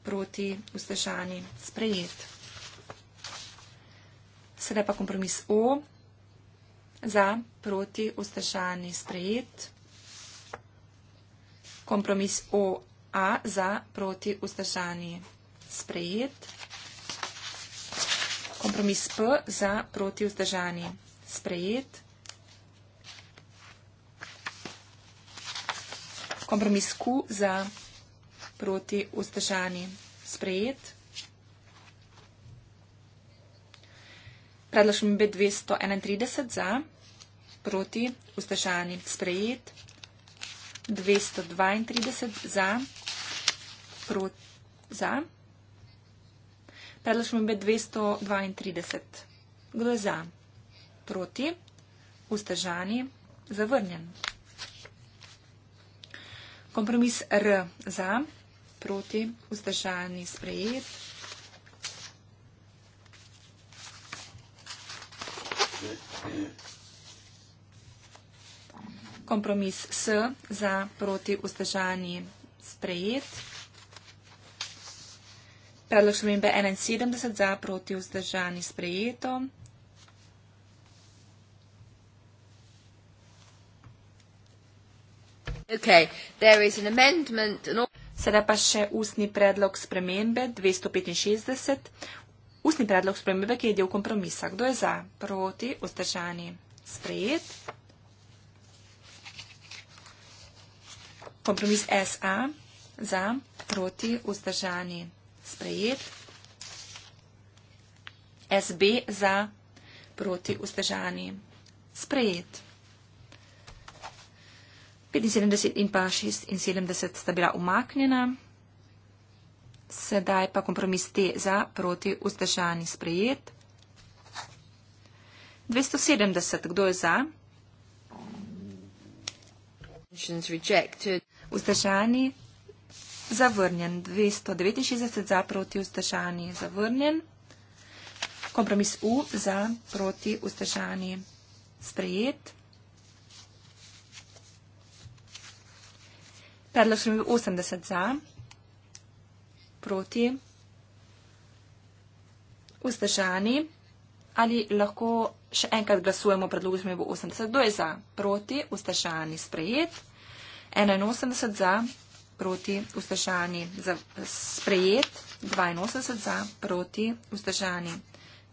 proti vzdržani sprejet. Sedaj pa kompromis O za proti vzdržani sprejet. Kompromis OA za proti vzdržani sprejet. Kompromis P za proti vzdržani sprejet. Kompromis Q za proti vzdržani sprejet proti vzdržani. Sprejet. Predložen bi 231 za, proti vzdržani. Sprejet. 232 za, proti za. Predložen bi 232. Kdo je za? Proti. Vzdržani. Zavrnjen. Kompromis R za proti, vzdržani sprejet. Kompromis S za proti vzdržanji sprejet. Predlog šumembe 71 za proti vzdržanji sprejeto. Okay, there is an amendment. An Sedaj pa še ustni predlog spremembe 265. Ustni predlog spremembe, ki je del kompromisa. Kdo je za? Proti? Ostržani? Sprejet? Kompromis SA. Za? Proti? Ostržani? Sprejet? SB. Za? Proti? Ostržani? Sprejet? Sprejet? 75 in pa 76 sta bila umaknjena. Sedaj pa kompromis te za proti vzdržani sprejet. 270, kdo je za? Vzdržani zavrnjen. 269 za proti vzdržani zavrnjen. Kompromis U za proti vzdržani sprejet. Predlog sem bil 80 za, proti, vzdržani. Ali lahko še enkrat glasujemo o predlogu, sem bil 80 do je za, proti, vzdržani, sprejet. 81 za, proti, vzdržani, za, sprejet. 82 za, proti, vzdržani,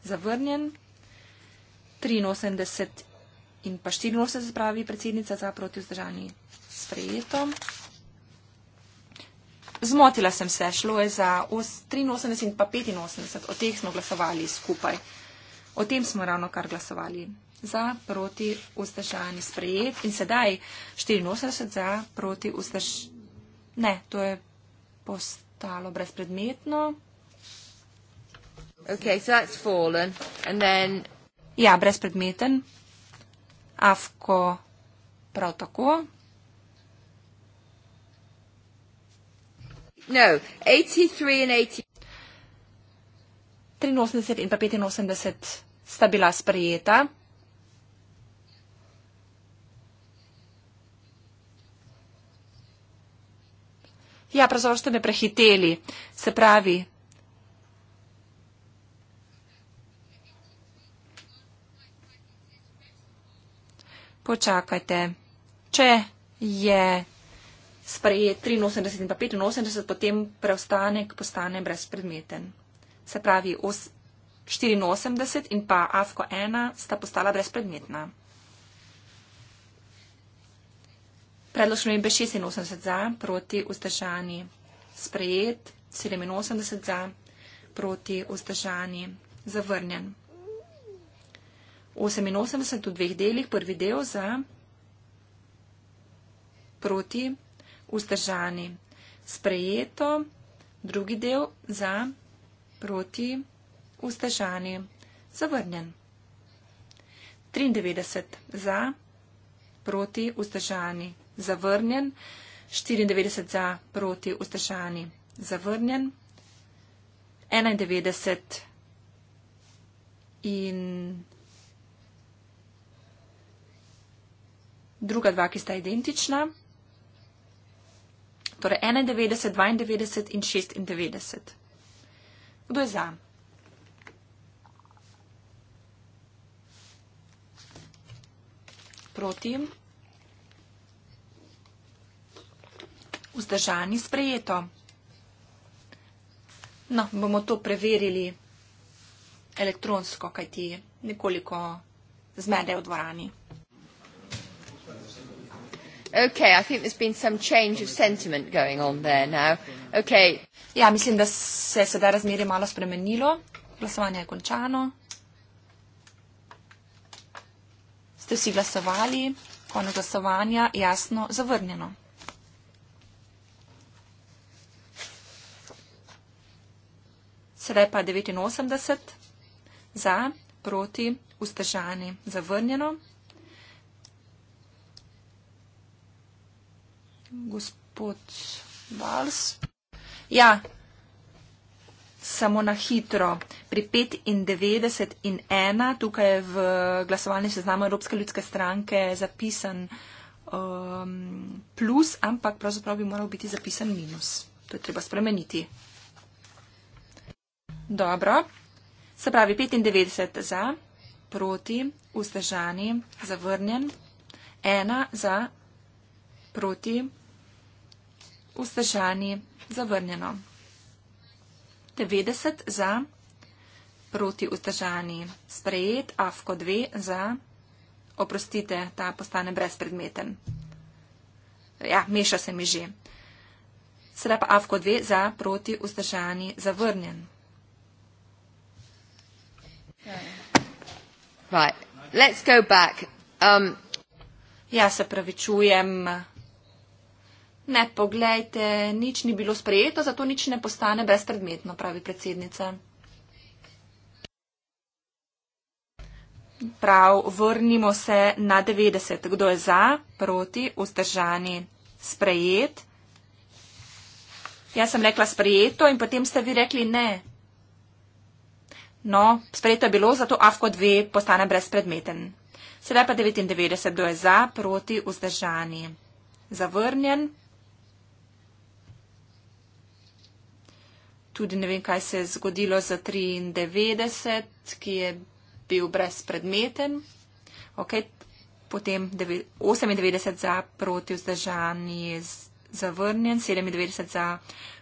zavrnjen. 83 in pa 84 pravi predsednica za, proti, vzdržani, sprejetom. Zmotila sem se, šlo je za 83 in pa 85, o teh smo glasovali skupaj. O tem smo ravno kar glasovali. Za proti ustežani sprejet in sedaj 84 za proti ustež. Ne, to je postalo brezpredmetno. Ok, so that's fallen and then. Ja, brezpredmeten. Avko prav tako. No, 83 and 80. 83 in pa 85 sta bila sprejeta. Ja, pravzaprav ste me prehiteli. Se pravi. Počakajte. Če je sprejet 83 in pa 85, potem preostanek postane brezpredmeten. Se pravi, 84 in pa AFKO 1 sta postala brezpredmetna. Predlog šlo je 86 za, proti vzdržani sprejet, 87 za, proti vzdržani zavrnjen. 88 v dveh delih, prvi del za, proti vzdržani. Sprejeto, drugi del za, proti, vzdržani, zavrnjen. 93 za, proti, vzdržani, zavrnjen. 94 za, proti, vzdržani, zavrnjen. 91 in druga dva, ki sta identična. Torej 91, 92 in 96. Kdo je za? Proti? Vzdržani sprejeto. No, bomo to preverili elektronsko, kaj ti nekoliko zmede v dvorani. Okay, I think there's been some change of sentiment going on there now. Okay. Ja, mislim, da se je sedaj razmerje malo spremenilo. Glasovanje je končano. Ste vsi glasovali? Konec glasovanja, jasno, zavrnjeno. Sedaj pa 89 za, proti, vzdržani, zavrnjeno. gospod Vals. Ja, samo na hitro. Pri 95 in 1, tukaj v glasovalni seznamu Evropske ljudske stranke je zapisan um, plus, ampak pravzaprav bi moral biti zapisan minus. To je treba spremeniti. Dobro. Se pravi 95 za, proti, vzdržani, zavrnjen, 1 za, proti, vzdržani, zavrnjeno. 90 za, proti vzdržani, sprejet, avko 2 za, oprostite, ta postane brezpredmeten. Ja, meša se mi že. Sedaj pa avko 2 za, proti vzdržani, zavrnjen. Right. Let's go back. Um... Ja, se pravičujem. Ne, poglejte, nič ni bilo sprejeto, zato nič ne postane brezpredmetno, pravi predsednica. Prav, vrnimo se na 90. Kdo je za, proti, vzdržani, sprejet? Jaz sem rekla sprejeto in potem ste vi rekli ne. No, sprejeto je bilo, zato avko 2 postane brezpredmeten. Sedaj pa 99. Kdo je za, proti, vzdržani, zavrnjen? tudi ne vem, kaj se je zgodilo za 93, ki je bil brezpredmeten. Okay. Potem 98 za proti vzdržani je zavrnjen, 97 za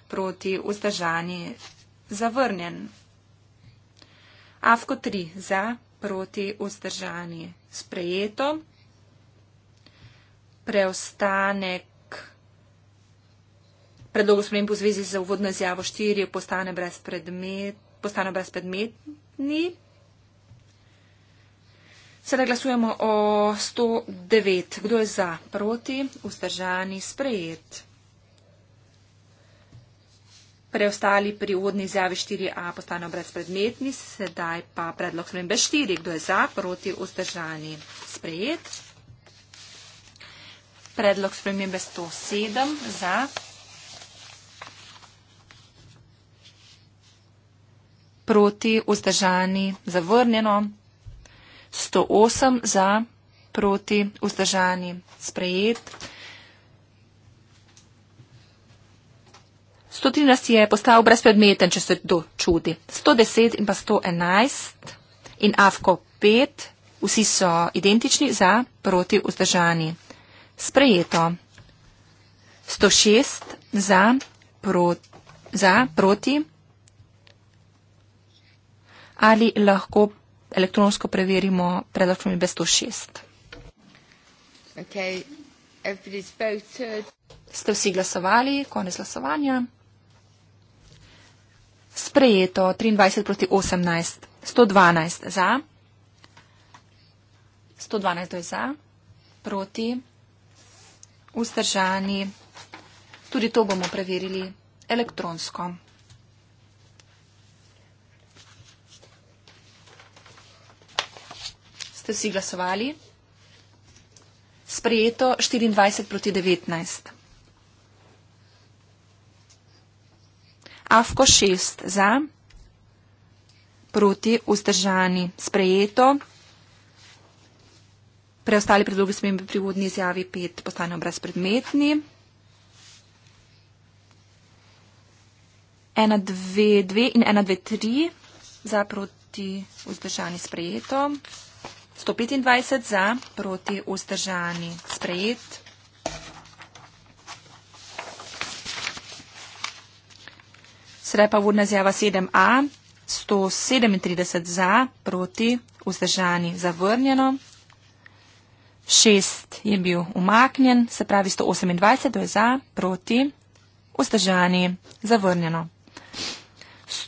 proti vzdržani je zavrnjen. Avko 3 za proti vzdržani je sprejeto. Preostanek predlogu sprememb v zvezi z uvodno izjavo 4 postane brez predmet, postane brez predmetni. Sedaj glasujemo o 109. Kdo je za? Proti? Vzdržani? Sprejet. Preostali pri uvodni izjavi 4a postanejo brezpredmetni, sedaj pa predlog spremembe 4. Kdo je za? Proti? Vzdržani? Sprejet. Predlog spremembe 107. Za? proti, vzdržani, zavrnjeno, 108 za, proti, vzdržani, sprejet. 113 je postal brezpredmeten, če se to čudi. 110 in pa 111 in AFKO 5, vsi so identični za, proti, vzdržani. Sprejeto. 106 za, pro, za proti, ali lahko elektronsko preverimo predračun IB106. Okay. Ste vsi glasovali? Konec glasovanja. Sprejeto 23 proti 18. 112 za. 112 je za. Proti. Vzdržani. Tudi to bomo preverili elektronsko. ste vsi glasovali. Sprejeto 24 proti 19. Avko 6 za, proti vzdržani. Sprejeto. Preostali predlogi smem pri vodni izjavi 5 postanejo brezpredmetni. 1, 2, 2 in 1, 2, 3 za proti vzdržani sprejeto. 125 za, proti vzdržani. Sprejet. Sedaj pa vodna zjava 7a, 137 za, proti vzdržani. Zavrnjeno. 6 je bil umaknjen, se pravi 128 je za, proti vzdržani. Zavrnjeno.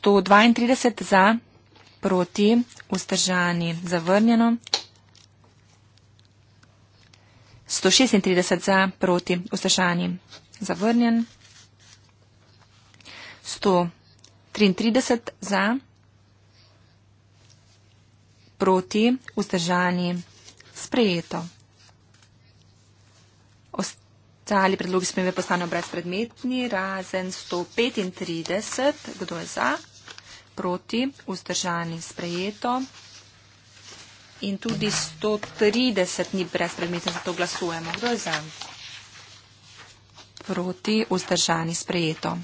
132 za, proti vzdržani. Zavrnjeno. 136 za, proti, vstašani. Zavrnjen. 133 za, proti, vstašani. Sprejeto. Ostali predlogi smeve postanejo brezpredmetni, razen 135. Kdo je za? Proti, vzdržani, sprejeto in tudi 130 ni brez predmeta, zato glasujemo. Kdo je za? Proti, vzdržani, sprejeto.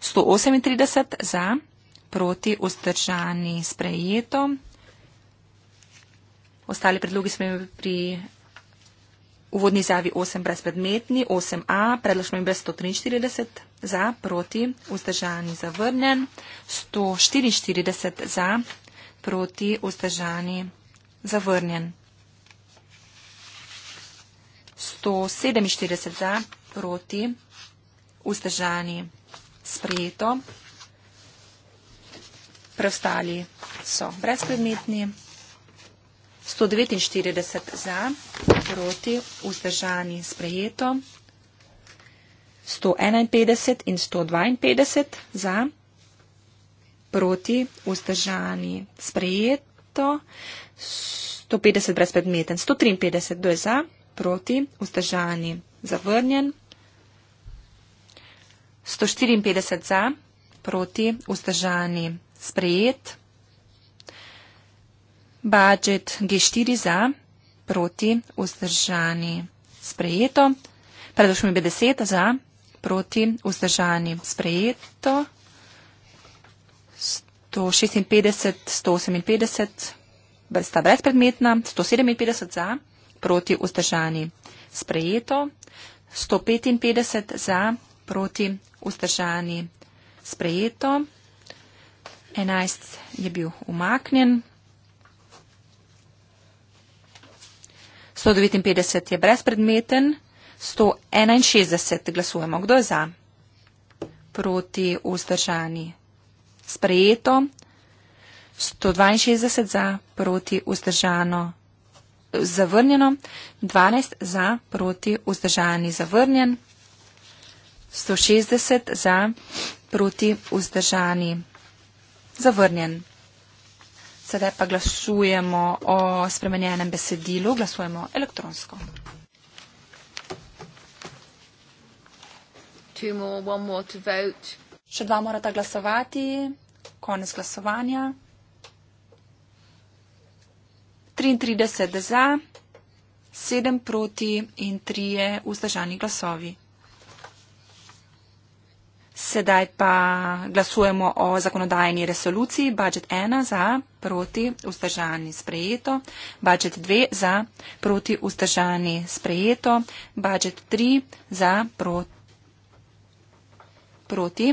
138 za, proti, vzdržani, sprejeto. Ostali predlogi smo pri Uvodni izjavi 8 brezpredmetni, 8a, predlog smo imeli 143 za, proti, vzdržani zavrnen, 144 za, proti, vzdržani zavrnjen. 147 za, proti, vzdržani sprejeto, preostali so brezpredmetni. 149 za, proti, vzdržani, sprejeto. 151 in 152 za, proti, vzdržani, sprejeto. 150 brezpredmeten, 153 do je za, proti, vzdržani, zavrnjen. 154 za, proti, vzdržani, sprejet. Budget G4 za, proti, vzdržani, sprejeto. Predošljim B10 za, proti, vzdržani, sprejeto. 156, 158 sta brezpredmetna, 157 za, proti vzdržani, sprejeto, 155 za, proti vzdržani, sprejeto, 11 je bil umaknjen. 159 je brezpredmeten, 161 glasujemo. Kdo je za? Proti vzdržani. Sprejeto. 162 za, proti vzdržano. Zavrnjeno. 12 za, proti vzdržani. Zavrnjen. 160 za, proti vzdržani. Zavrnjen. Sedaj pa glasujemo o spremenjenem besedilu, glasujemo elektronsko. Še dva morata glasovati. Konec glasovanja. 33 za, 7 proti in 3 vzdržani glasovi. Sedaj pa glasujemo o zakonodajni resoluciji. Budget 1 za, proti, vzdržani sprejeto. Budget 2 za, proti, vzdržani sprejeto. Budget 3 za, pro, proti,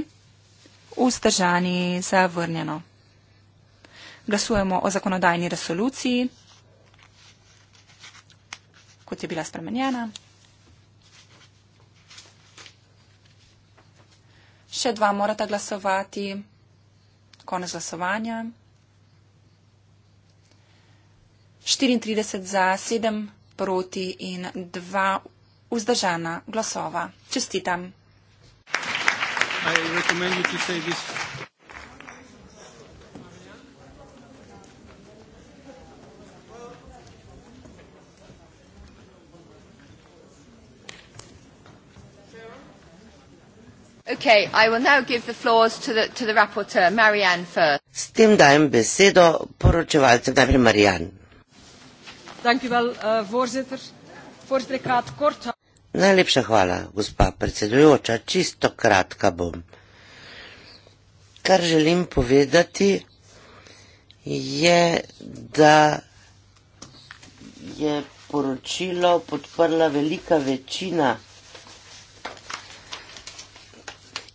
vzdržani zavrnjeno. Glasujemo o zakonodajni resoluciji, kot je bila spremenjena. še dva morata glasovati. Konec glasovanja. 34 za, 7 proti in 2 vzdržana glasova. Čestitam. I recommend you to say this Okay, I will now give the floor to the to the rapporteur, Marianne first. S tem dajem besedo poročevalcem, najprej Marianne. Dankjewel, uh, eh, voorzitter. Voorzitter, ik ga het kort Najlepša hvala, gospa predsedujoča. Čisto kratka bom. Kar želim povedati je, da je poročilo podprla velika večina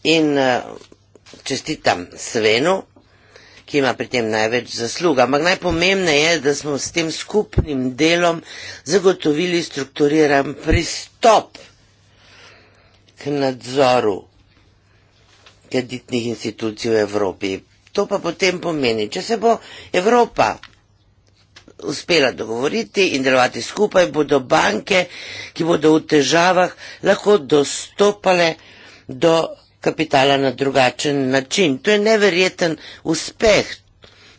in uh, čestitam Svenu, ki ima pri tem največ zasluga. Ampak najpomembneje je, da smo s tem skupnim delom zagotovili strukturiran pristop k nadzoru kreditnih institucij v Evropi. To pa potem pomeni, če se bo Evropa uspela dogovoriti in delovati skupaj, bodo banke, ki bodo v težavah, lahko dostopale do kapitala na drugačen način. To je neverjeten uspeh.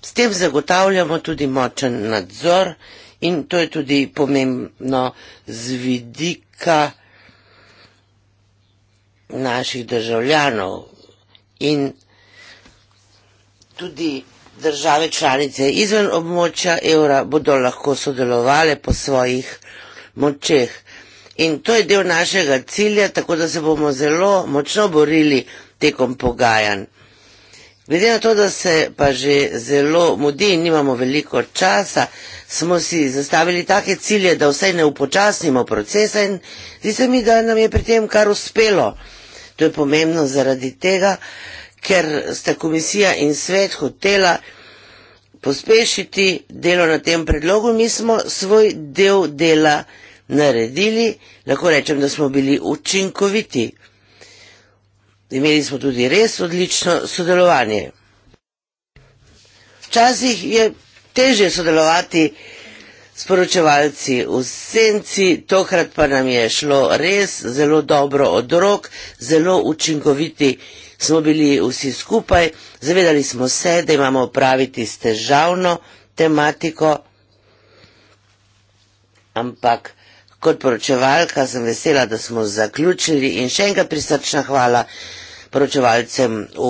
S tem zagotavljamo tudi močen nadzor in to je tudi pomembno z vidika naših državljanov in tudi države članice izven območja evra bodo lahko sodelovali po svojih močeh. In to je del našega cilja, tako da se bomo zelo močno borili tekom pogajanj. Glede na to, da se pa že zelo mudi in nimamo veliko časa, smo si zastavili take cilje, da vsaj ne upočasnimo procesa in zdi se mi, da nam je pri tem kar uspelo. To je pomembno zaradi tega, ker sta komisija in svet hotela pospešiti delo na tem predlogu, mi smo svoj del dela naredili, lahko rečem, da smo bili učinkoviti. Imeli smo tudi res odlično sodelovanje. Včasih je teže sodelovati s poročevalci v senci, tokrat pa nam je šlo res zelo dobro od rok, zelo učinkoviti smo bili vsi skupaj, zavedali smo se, da imamo opraviti s težavno tematiko, ampak Kot poročevalka sem vesela, da smo zaključili in še enkrat prisrčna hvala poročevalcem v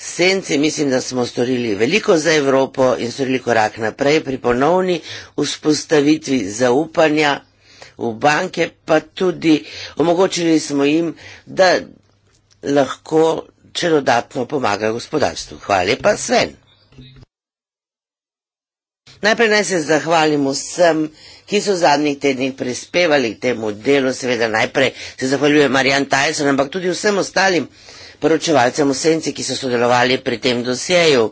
senci. Mislim, da smo storili veliko za Evropo in storili korak naprej pri ponovni vzpostavitvi zaupanja v banke, pa tudi omogočili smo jim, da lahko če dodatno pomagajo gospodarstvu. Hvala lepa, Sven. Najprej naj se zahvalim vsem, ki so v zadnjih tednih prispevali k temu delu. Seveda najprej se zahvaljujem Marjan Tyson, ampak tudi vsem ostalim poročevalcem v senci, ki so sodelovali pri tem dosjeju.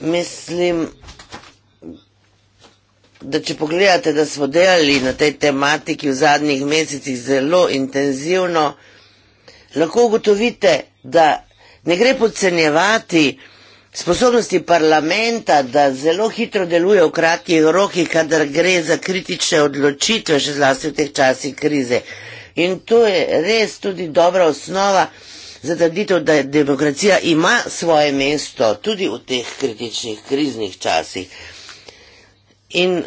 Mislim, da če pogledate, da smo delali na tej tematiki v zadnjih mesecih zelo intenzivno, lahko ugotovite, da ne gre podcenjevati, Sposobnosti parlamenta, da zelo hitro deluje v kratkih rokih, kadar gre za kritične odločitve, še zlasti v teh časih krize. In to je res tudi dobra osnova za trditev, da demokracija ima svoje mesto tudi v teh kritičnih kriznih časih. In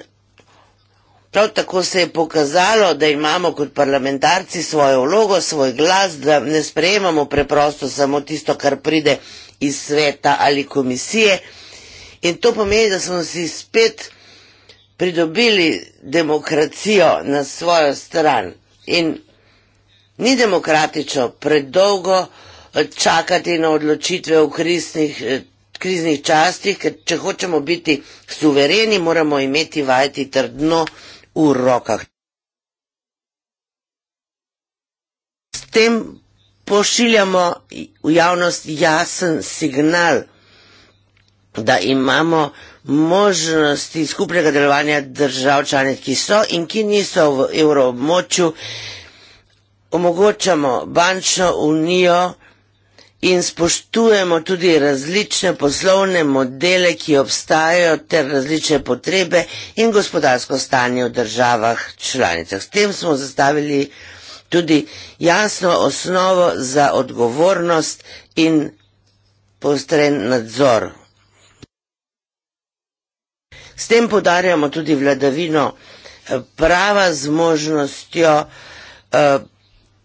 Prav tako se je pokazalo, da imamo kot parlamentarci svojo vlogo, svoj glas, da ne sprejemamo preprosto samo tisto, kar pride iz sveta ali komisije. In to pomeni, da smo si spet pridobili demokracijo na svojo stran. In ni demokratično predolgo eh, čakati na odločitve v krisnih, eh, kriznih častih, ker če hočemo biti suvereni, moramo imeti vajeti trdno v rokah. S tem pošiljamo v javnost jasen signal, da imamo možnosti skupnega delovanja držav članic, ki so in ki niso v evroobmočju, omogočamo bančno unijo, in spoštujemo tudi različne poslovne modele, ki obstajajo, ter različne potrebe in gospodarsko stanje v državah članicah. S tem smo zastavili tudi jasno osnovo za odgovornost in postren nadzor. S tem podarjamo tudi vladavino eh, prava z možnostjo eh,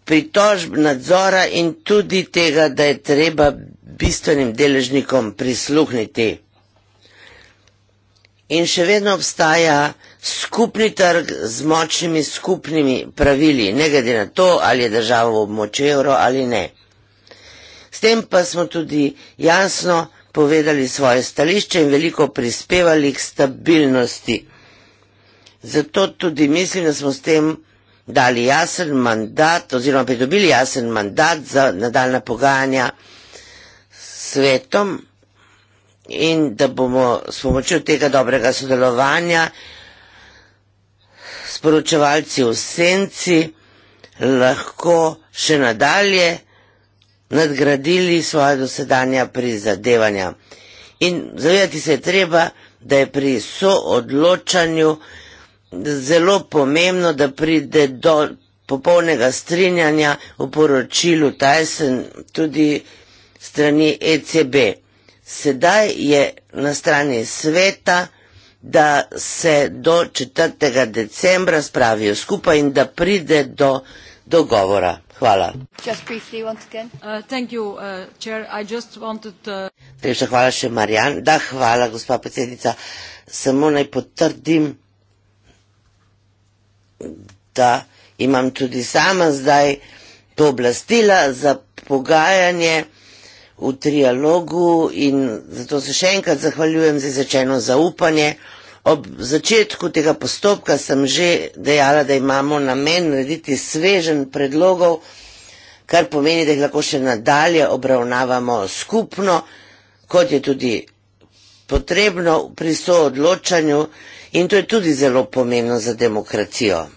pritožb nadzora in tudi tega, da je treba bistvenim deležnikom prisluhniti. In še vedno obstaja skupni trg z močnimi skupnimi pravili, ne glede na to, ali je država v območju evro ali ne. S tem pa smo tudi jasno povedali svoje stališče in veliko prispevali k stabilnosti. Zato tudi mislim, da smo s tem dali jasen mandat oziroma pridobili jasen mandat za nadaljna pogajanja svetom in da bomo s pomočjo tega dobrega sodelovanja sporočevalci v senci lahko še nadalje nadgradili svoje dosedanja prizadevanja. In zavedati se je treba, da je pri soodločanju odločanju zelo pomembno, da pride do popolnega strinjanja v poročilu Tyson tudi strani ECB. Sedaj je na strani sveta, da se do 4. decembra spravijo skupaj in da pride do dogovora. Hvala. Uh, uh, hvala še, Marjan. Da, hvala, gospa predsednica. Samo naj potrdim, da imam tudi sama zdaj to oblastila za pogajanje v trialogu in zato se še enkrat zahvaljujem za izrečeno zaupanje. Ob začetku tega postopka sem že dejala, da imamo namen narediti svežen predlogov, kar pomeni, da jih lahko še nadalje obravnavamo skupno, kot je tudi potrebno pri soodločanju. odločanju in to je tudi zelo pomembno za demokracijo.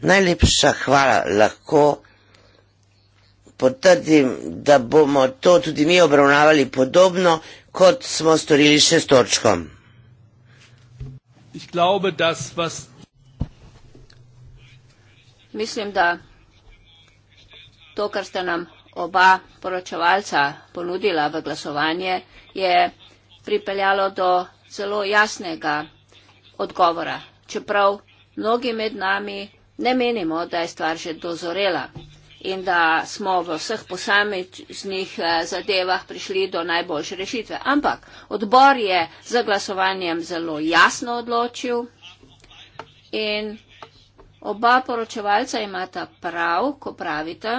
Najlepša hvala lahko potrdim, da bomo to tudi mi obravnavali podobno, kot smo storili še s točkom. Mislim, da to, kar ste nam oba poročevalca ponudila v glasovanje, je pripeljalo do zelo jasnega odgovora, čeprav mnogi med nami ne menimo, da je stvar že dozorela in da smo v vseh posameznih eh, zadevah prišli do najboljše rešitve. Ampak odbor je z glasovanjem zelo jasno odločil in oba poročevalca imata prav, ko pravita,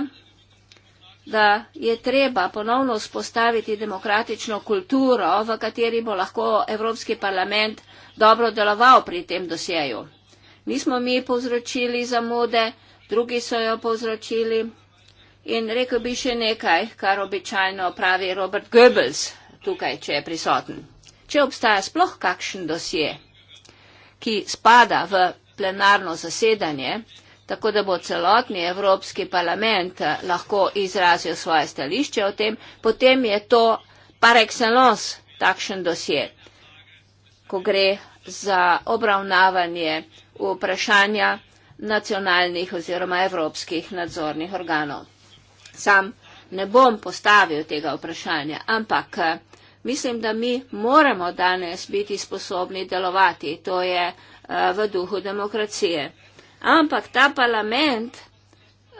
da je treba ponovno vzpostaviti demokratično kulturo, v kateri bo lahko Evropski parlament dobro deloval pri tem dosjeju. Nismo mi povzročili zamude, drugi so jo povzročili. In rekel bi še nekaj, kar običajno pravi Robert Goebbels tukaj, če je prisoten. Če obstaja sploh kakšen dosje, ki spada v plenarno zasedanje, tako da bo celotni Evropski parlament eh, lahko izrazil svoje stališče o tem, potem je to par excellence takšen dosje, ko gre za obravnavanje vprašanja nacionalnih oziroma evropskih nadzornih organov. Sam ne bom postavil tega vprašanja, ampak eh, mislim, da mi moramo danes biti sposobni delovati. To je eh, v duhu demokracije. Ampak ta parlament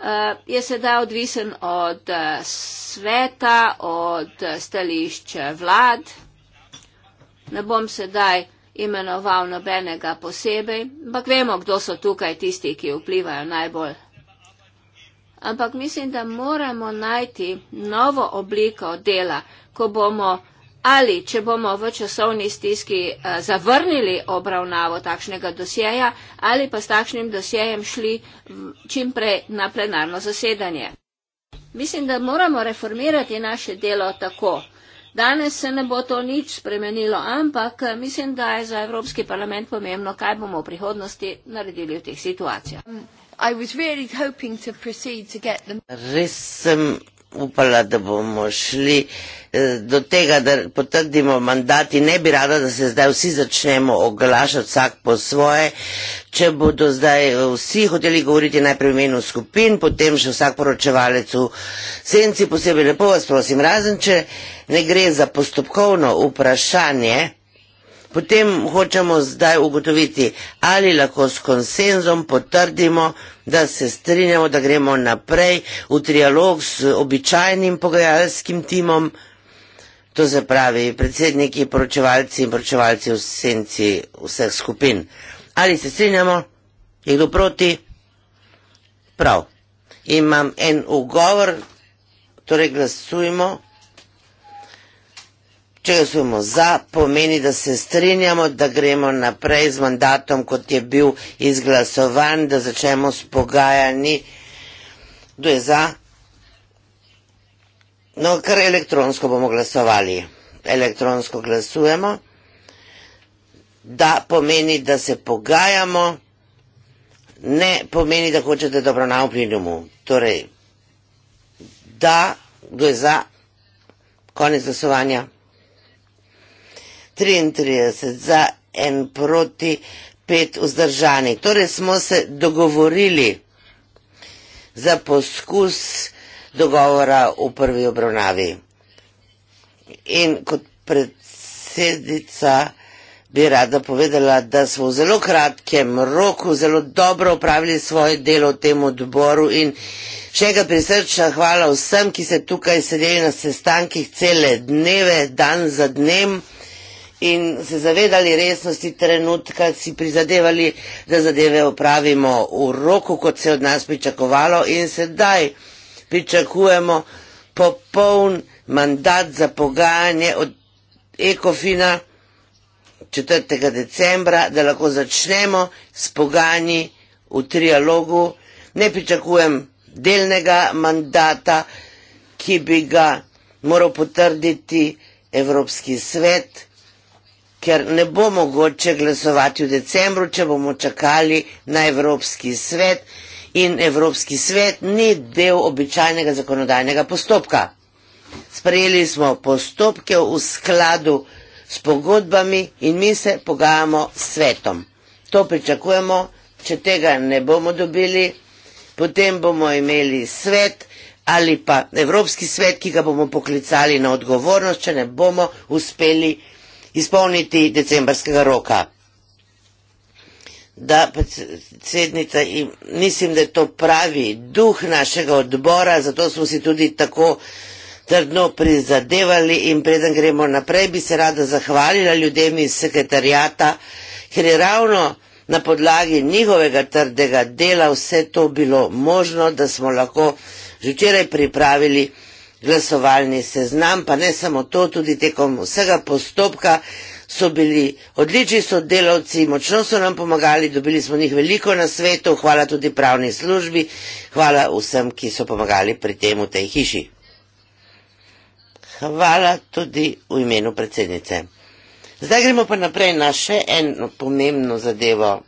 eh, je sedaj odvisen od eh, sveta, od eh, stališča vlad. Ne bom sedaj imenoval nobenega posebej, ampak vemo, kdo so tukaj tisti, ki vplivajo najbolj. Ampak mislim, da moramo najti novo obliko dela, ko bomo ali če bomo v časovni stiski eh, zavrnili obravnavo takšnega dosjeja ali pa s takšnim dosjejem šli čim prej na plenarno zasedanje. Mislim, da moramo reformirati naše delo tako. Danes se ne bo to nič spremenilo, ampak eh, mislim, da je za Evropski parlament pomembno, kaj bomo v prihodnosti naredili v teh situacijah. Um, Res sem upala, da bomo šli eh, do tega, da potrdimo mandati. Ne bi rada, da se zdaj vsi začnemo oglašati vsak po svoje. Če bodo zdaj eh, vsi hoteli govoriti najprej v imenu skupin, potem še vsak poročevalec v senci posebej lepo vas prosim, razen če ne gre za postopkovno vprašanje. Potem hočemo zdaj ugotoviti, ali lahko s konsenzom potrdimo, da se strinjamo, da gremo naprej v trialog s običajnim pogajalskim timom, to se pravi predsedniki, poročevalci in poročevalci v senci vseh skupin. Ali se strinjamo, je kdo proti? Prav. Imam en ugovor, torej glasujmo. Če glasujemo za, pomeni, da se strinjamo, da gremo naprej z mandatom, kot je bil izglasovan, da začnemo s pogajanji. Kdo je za? No, kar elektronsko bomo glasovali. Elektronsko glasujemo. Da pomeni, da se pogajamo, ne pomeni, da hočete dobro na plenumu. Torej, da, kdo je za, konec glasovanja. 33 za, en proti, pet vzdržani. Torej smo se dogovorili za poskus dogovora v prvi obravnavi. In kot predsednica bi rada povedala, da smo v zelo kratkem roku zelo dobro upravili svoje delo v tem odboru in še enkrat prisrčna hvala vsem, ki ste tukaj sedeli na sestankih cele dneve, dan za dnem in se zavedali resnosti trenutka, si prizadevali, da zadeve opravimo v roku, kot se je od nas pričakovalo in sedaj pričakujemo popoln mandat za pogajanje od Ekofina 4. decembra, da lahko začnemo s pogajanji v trialogu. Ne pričakujem delnega mandata, ki bi ga moral potrditi Evropski svet ker ne bo mogoče glasovati v decembru, če bomo čakali na Evropski svet in Evropski svet ni del običajnega zakonodajnega postopka. Sprejeli smo postopke v skladu s pogodbami in mi se pogajamo s svetom. To pričakujemo, če tega ne bomo dobili, potem bomo imeli svet ali pa Evropski svet, ki ga bomo poklicali na odgovornost, če ne bomo uspeli vsega izpolniti decembrskega roka. Da, predsednica, in mislim, da je to pravi duh našega odbora, zato smo si tudi tako trdno prizadevali in preden gremo naprej, bi se rada zahvalila ljudem iz sekretarijata, ker je ravno na podlagi njihovega trdega dela vse to bilo možno, da smo lahko že včeraj pripravili glasovalni seznam, pa ne samo to, tudi tekom vsega postopka so bili odlični sodelavci, močno so nam pomagali, dobili smo njih veliko na svetu, hvala tudi pravni službi, hvala vsem, ki so pomagali pri tem v tej hiši. Hvala tudi v imenu predsednice. Zdaj gremo pa naprej na še eno pomembno zadevo.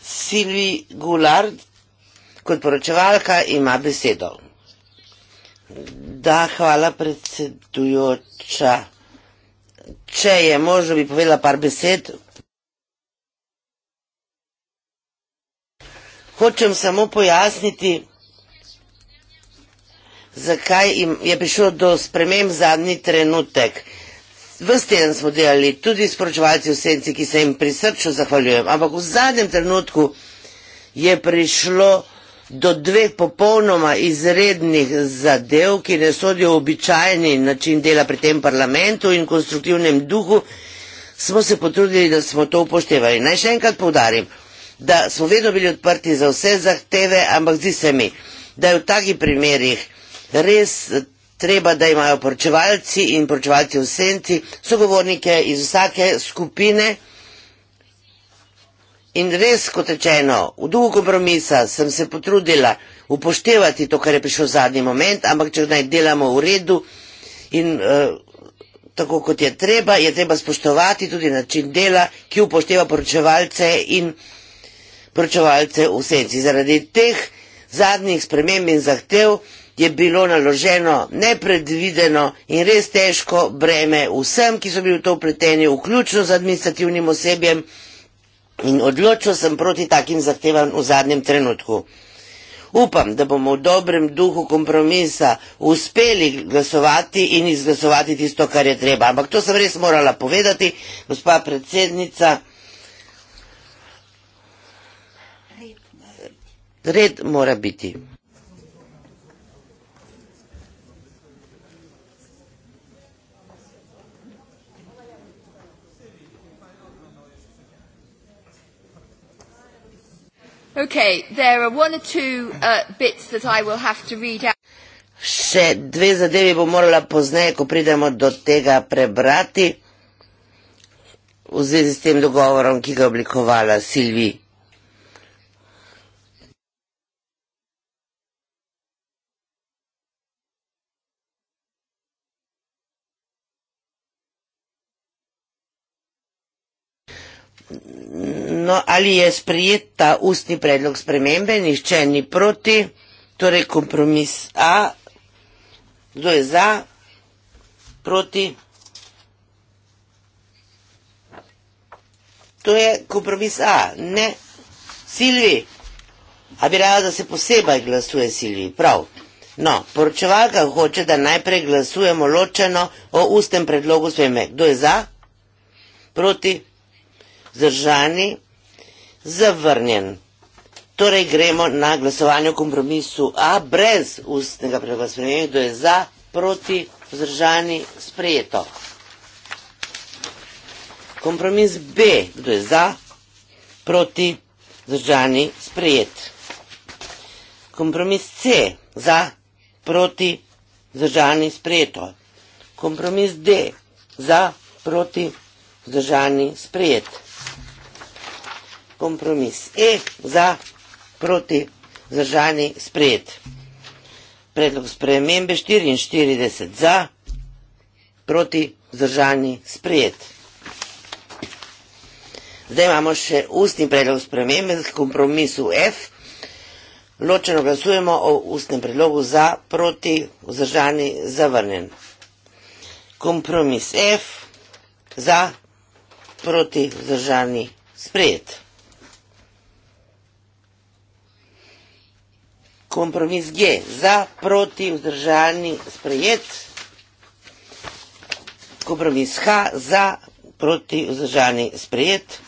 Silvi Gulard, Kot poročevalka ima besedo. Da, hvala predsedujoča. Če je možno, bi povedala par besed. Hočem samo pojasniti, zakaj je prišlo do spremem zadnji trenutek. Ves teden smo delali tudi s poročevalci v senci, ki se jim pri srču zahvaljujem, ampak v zadnjem trenutku je prišlo do dveh popolnoma izrednih zadev, ki ne sodijo v običajni način dela pri tem parlamentu in konstruktivnem duhu, smo se potrudili, da smo to upoštevali. Naj še enkrat povdarim, da smo vedno bili odprti za vse zahteve, ampak zdi se mi, da je v takih primerih res treba, da imajo poročevalci in poročevalci v senci sogovornike iz vsake skupine, In res, kot rečeno, v duhu kompromisa sem se potrudila upoštevati to, kar je prišel zadnji moment, ampak če naj delamo v redu in uh, tako, kot je treba, je treba spoštovati tudi način dela, ki upošteva poročevalce in poročevalce v senci. Zaradi teh zadnjih sprememb in zahtev je bilo naloženo nepredvideno in res težko breme vsem, ki so bili v to upleteni, vključno z administrativnim osebjem in odločil sem proti takim zahtevam v zadnjem trenutku. Upam, da bomo v dobrem duhu kompromisa uspeli glasovati in izglasovati tisto, kar je treba. Ampak to sem res morala povedati, gospa predsednica. Red mora biti. Okay, there are one or two uh, bits that I will have to read out. Še dve zadevi bo morala pozneje, ko pridemo do tega prebrati v zvezi s tem dogovorom, ki ga oblikovala Silvi vseeno, ali je sprijet ta ustni predlog spremembe, nišče ni proti, torej kompromis A, kdo je za, proti, to je kompromis A, ne, Silvi, a bi rada, da se posebej glasuje Silvi, prav, no, poročevalka hoče, da najprej glasujemo ločeno o ustnem predlogu spremembe, kdo je za, proti, Zdržani, zavrnjen. Torej gremo na glasovanje o kompromisu A brez ustnega predloga spremenja, kdo je za, proti, vzdržani, sprejeto. Kompromis B, kdo je za, proti, vzdržani, sprejet. Kompromis C, za, proti, vzdržani, sprejeto. Kompromis D, za, proti, vzdržani, sprejeto kompromis. E za proti zržani sprejet. Predlog spremembe 44 za proti zržani sprejet. Zdaj imamo še ustni predlog spremembe z kompromisu F. Ločeno glasujemo o ustnem predlogu za proti vzdržani zavrnen. Kompromis F za proti vzdržani sprejet. Kompromis G. Za, proti, vzdržani, sprejet. Kompromis H. Za, proti, vzdržani, sprejet.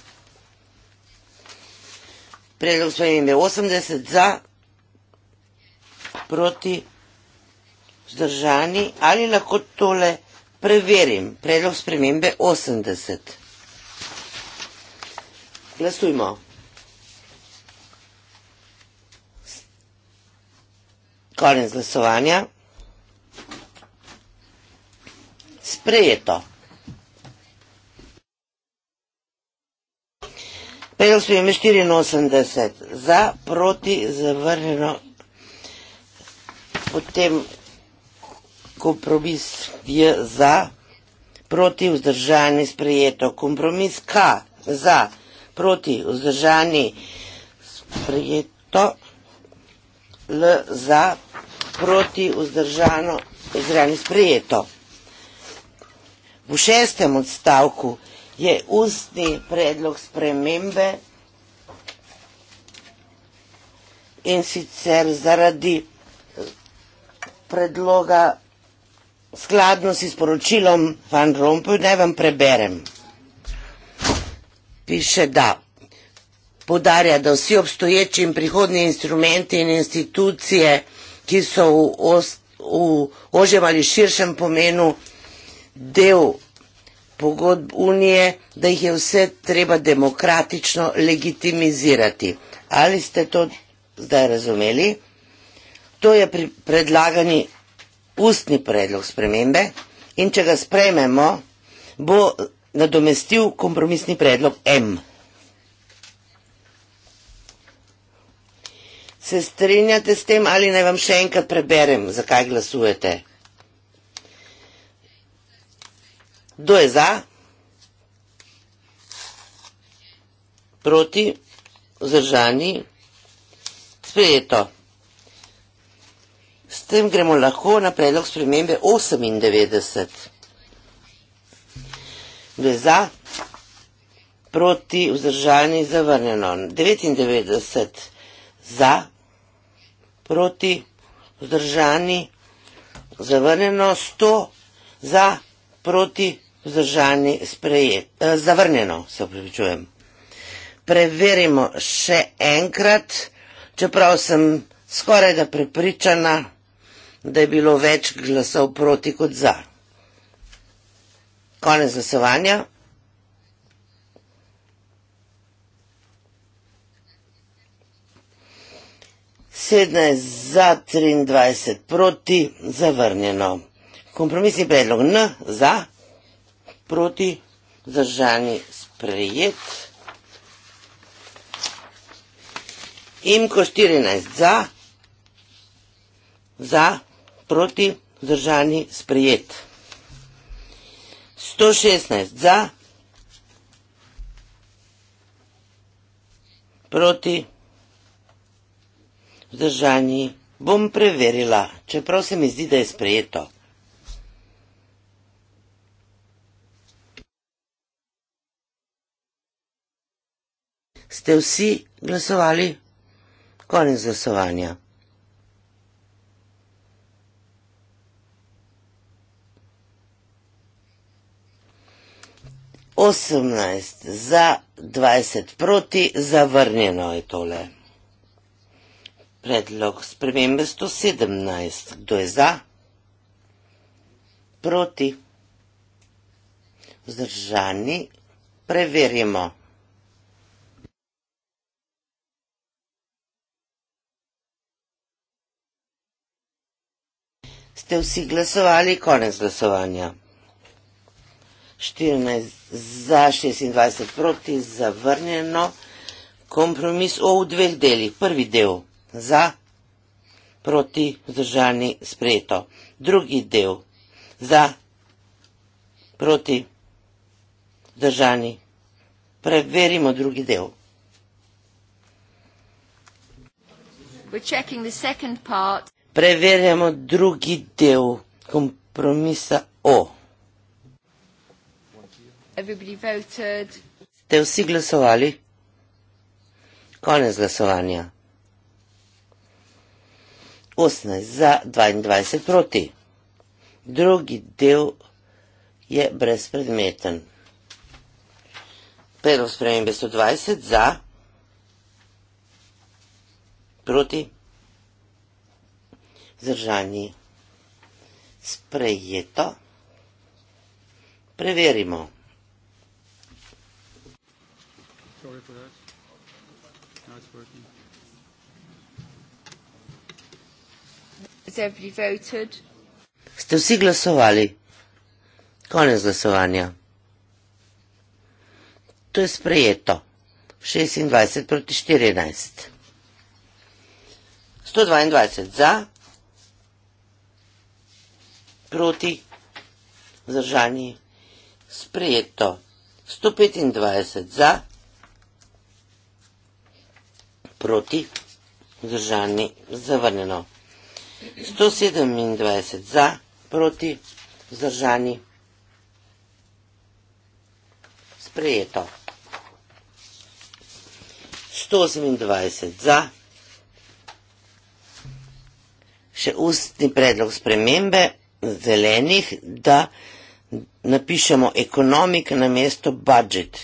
Predlog svojim je 80. Za, proti, vzdržani. Ali lahko tole preverim? Predlog spremembe 80. Glasujmo. Glasujmo. konec glasovanja. Sprejeto. Predlog smo imeli 84 za, proti, zavrnjeno. Potem kompromis je za, proti, vzdržani, sprejeto. Kompromis K za, proti, vzdržani, sprejeto. L za, proti vzdržano izrejanje sprejeto. V šestem odstavku je ustni predlog spremembe in sicer zaradi predloga skladnosti s poročilom Van Rompuy, naj vam preberem. Piše, da podarja, da vsi obstoječi in prihodni instrumenti in institucije vsega, ki so v, ost, v ožjem ali širšem pomenu del pogodb unije, da jih je vse treba demokratično legitimizirati. Ali ste to zdaj razumeli? To je pri predlagani ustni predlog spremembe in če ga sprejmemo, bo nadomestil kompromisni predlog M. Se strinjate s tem ali naj vam še enkrat preberem, zakaj glasujete? Kdo je za? Proti? Zdržani? Sprejeto. S tem gremo lahko na predlog spremembe 98. Kdo je za? Proti? Vzdržani? Zavrnjeno. 99. Za? proti, vzdržani, zavrnjeno, 100 za, proti, vzdržani, sprejet, eh, zavrnjeno, se upravičujem. Preverimo še enkrat, čeprav sem skoraj da prepričana, da je bilo več glasov proti kot za. Konec glasovanja. 17 za 23 proti zavrnjeno. Kompromisni predlog N za proti zdržani sprejet. Imko 14 za za proti zdržani sprejet. 116 za proti zdržani sprejet vzdržani. Bom preverila, čeprav se mi zdi, da je sprejeto. Ste vsi glasovali? Konec glasovanja. Osemnajst za dvajset proti, zavrnjeno je tole. Predlog spremembe 117. Kdo je za? Proti? Vzdržani? Preverimo. Ste vsi glasovali? Konec glasovanja. 14 za, 26 proti, zavrnjeno. Kompromis o v dveh delih. Prvi del za proti vzdržani sprejeto. Drugi del za proti vzdržani. Preverimo drugi del. Preverjamo drugi del kompromisa O. Ste vsi glasovali? Konec glasovanja. 18 za 22 proti. Drugi del je brezpredmeten. Predlog spremembe 120 za proti zdržani sprejeto. Preverimo. Sorry for that. has everybody voted? Ste vsi glasovali? Konec glasovanja. To je sprejeto. 26 proti 14. 122 za, proti, vzdržani, sprejeto. 125 za, proti, vzdržani, zavrnjeno. 127 za, proti, vzdržani. Sprejeto. 128 za. Še ustni predlog spremembe zelenih, da napišemo ekonomik na mesto budžet.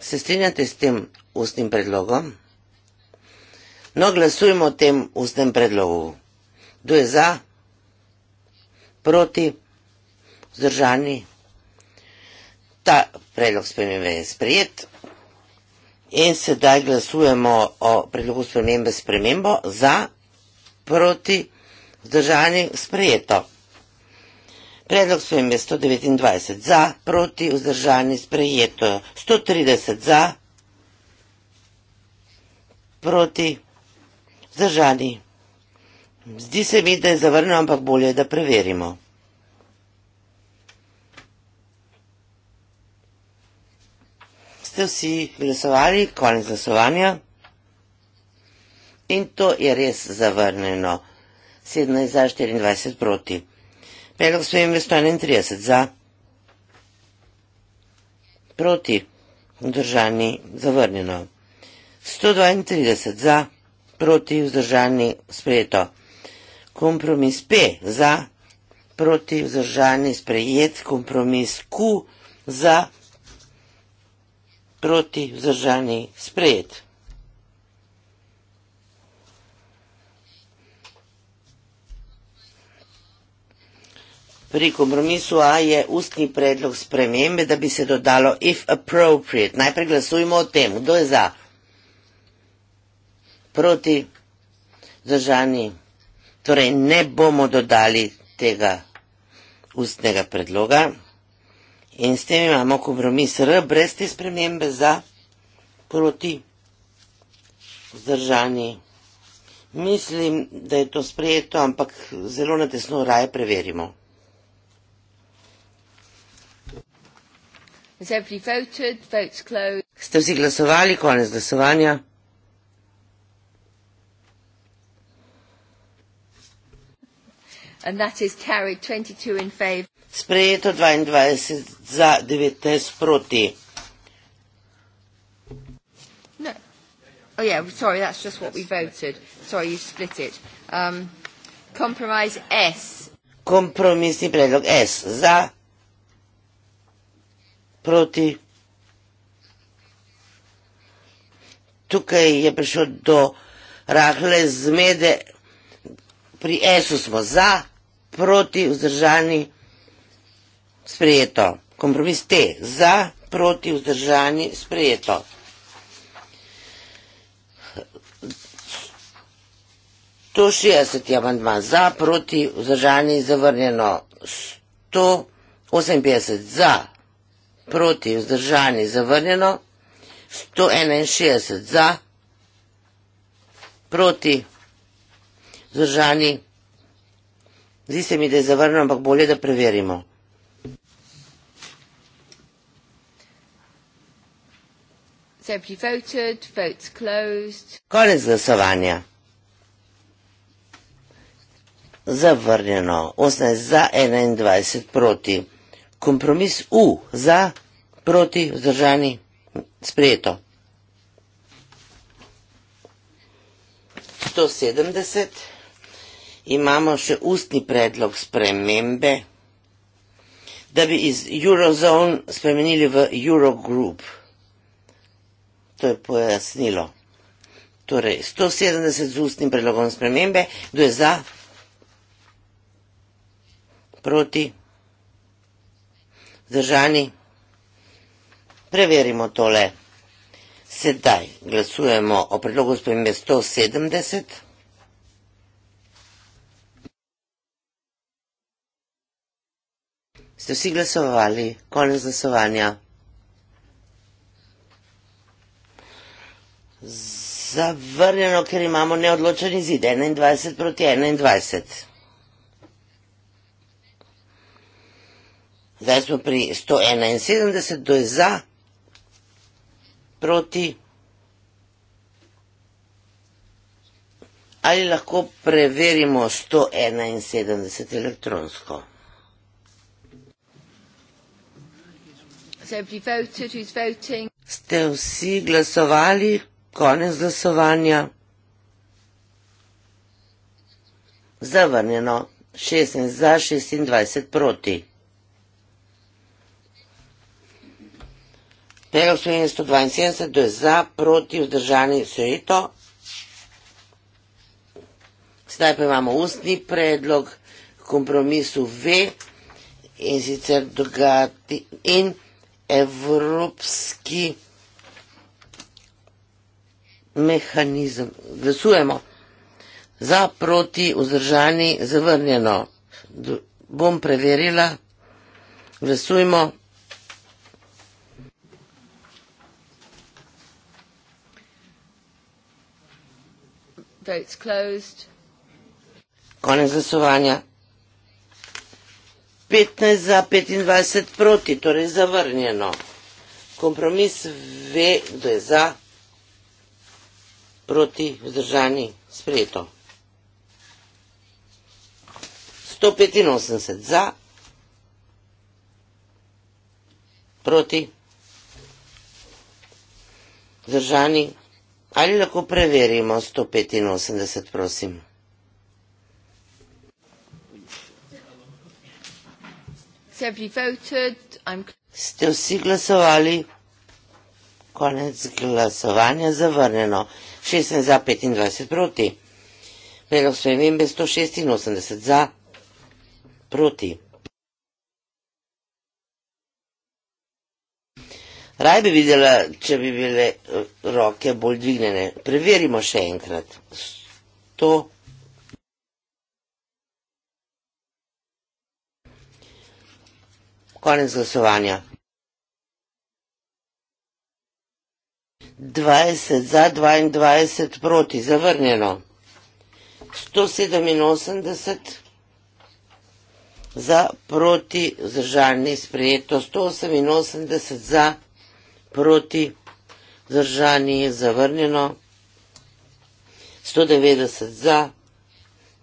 Se strinjate s tem ustnim predlogom? No, glasujemo o tem ustnem predlogu kdo je za, proti, vzdržani. Ta predlog spremembe je sprejet in sedaj glasujemo o predlogu spremembe spremembo za, proti, vzdržani, sprejeto. Predlog svojim je 129 za, proti, vzdržani, sprejeto. 130 za, proti, vzdržani, sprejeto. Zdi se mi, da je zavrnil, ampak bolje, da preverimo. Ste vsi glasovali, konec glasovanja. In to je res zavrneno. 17 za 24 proti. Predlog so imeli 131 za. Proti. Vzdržani zavrneno. 132 za. Proti. Vzdržani sprejeto kompromis P za proti vzdržani sprejet, kompromis Q za proti vzdržani sprejet. Pri kompromisu A je ustni predlog spremembe, da bi se dodalo if appropriate. Najprej glasujmo o tem, kdo je za proti vzdržani sprejet. Torej ne bomo dodali tega ustnega predloga in s tem imamo kompromis R brez te spremembe za proti vzdržani. Mislim, da je to sprejeto, ampak zelo natesno raje preverimo. Voted, Ste vsi glasovali, konec glasovanja? Sprejeto 22 za 19 proti. No. Oh yeah, sorry, that's just what we voted. Sorry, you split it. Um, compromise S. Compromise predlog S. Za. Proti. Tukaj je prišlo do rahle zmede. Pri S-u smo za proti, vzdržani, sprejeto. Kompromis T, za, proti, vzdržani, sprejeto. To 60 je amandma, za, proti, vzdržani, zavrnjeno. 158 za, proti, vzdržani, zavrnjeno. 161 za, proti, vzdržani, zavrnjeno. Zdi se mi, da je zavrnjeno, ampak bolje, da preverimo. Voted, Konec glasovanja. Zavrnjeno. 18 za, 21 proti. Kompromis U za, proti, vzdržani, sprejeto. 170 imamo še ustni predlog spremembe, da bi iz Eurozone spremenili v Eurogroup. To je pojasnilo. Torej, 170 z ustnim predlogom spremembe, kdo je za, proti, zdržani. Preverimo tole. Sedaj glasujemo o predlogu spremembe 170. Ste vsi glasovali? Konec glasovanja. Zavrnjeno, ker imamo neodločen izid 21 proti 21. Zdaj smo pri 171, kdo je za, proti. Ali lahko preverimo 171 elektronsko? Ste vsi glasovali? Konec glasovanja? Zavrnjeno. 16 za, 26 proti. Pega v Sloveniji 172, to je za, proti, vzdržani, vse je to. Zdaj pa imamo ustni predlog kompromisu V in sicer drugati in evropski mehanizem. Glasujemo. Za, proti, vzdržani, zavrnjeno. Bom preverila. Glasujmo. Votes closed. Konec glasovanja. 15 za 25 proti, torej zavrnjeno. Kompromis ve, kdo je za, proti, vzdržani, sprejeto. 185 za, proti, vzdržani, ali lahko preverimo 185, prosim. 185. Have you voted? I'm... Ste vsi glasovali? Konec glasovanja zavrnjeno. 16 za, 25 proti. Predlog spremembe 186 za, proti. Raj bi videla, če bi bile roke bolj dvignjene. Preverimo še enkrat. 186. Konec glasovanja. 20 za 22 proti, zavrnjeno. 187 za proti, zdržani sprejeto. 188 za proti, zdržani zavrnjeno. 190 za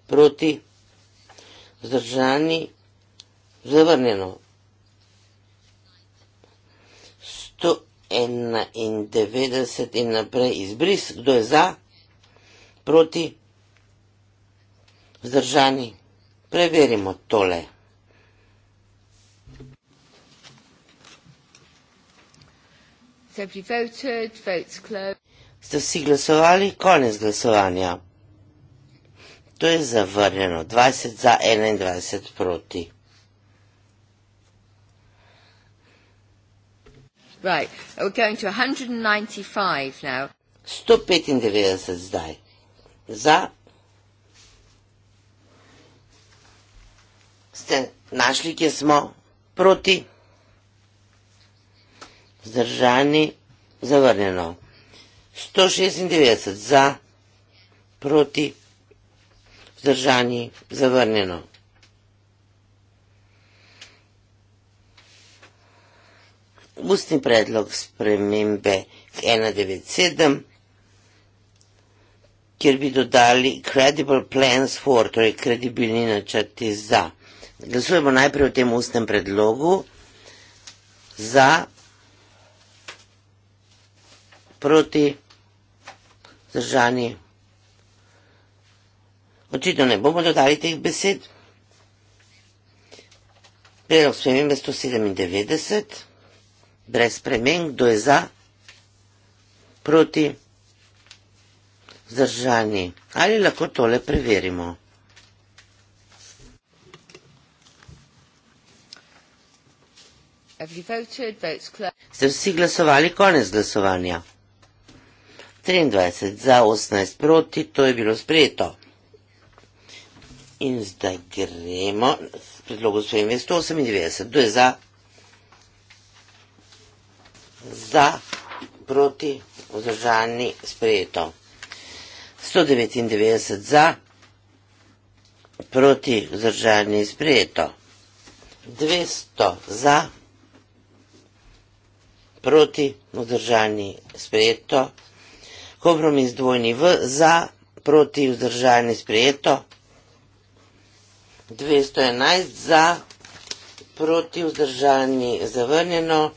proti, zdržani zavrnjeno. 191 in naprej izbris. Kdo je za? Proti? Vzdržani? Preverimo tole. Ste vsi glasovali? Konec glasovanja. To je zavrnjeno. 20 za 21 proti. Right. We're going to 195 now. 195 zdaj. Za. Ste našli, kje smo? Proti. Zdržani. Zavrnjeno. 196 za. Proti. Zdržani. Zavrnjeno. ustni predlog spremembe 197, kjer bi dodali credible plans for, torej kredibilni načrti za. Glasujemo najprej o tem ustnem predlogu za, proti, zdržani. Očitno ne bomo dodali teh besed. Predlog spremembe 197 brez premeng, kdo je za, proti, zdržani. Ali lahko tole preverimo? Ste vsi glasovali konec glasovanja? 23 za, 18 proti, to je bilo sprejeto. In zdaj gremo, predlogo svojim je 198, kdo je za? za, proti, vzdržani, sprejeto. 199 za, proti, vzdržani, sprejeto. 200 za, proti, vzdržani, sprejeto. Kompromis dvojni v, za, proti, vzdržani, sprejeto. 211 za, proti, vzdržani, zavrnjeno.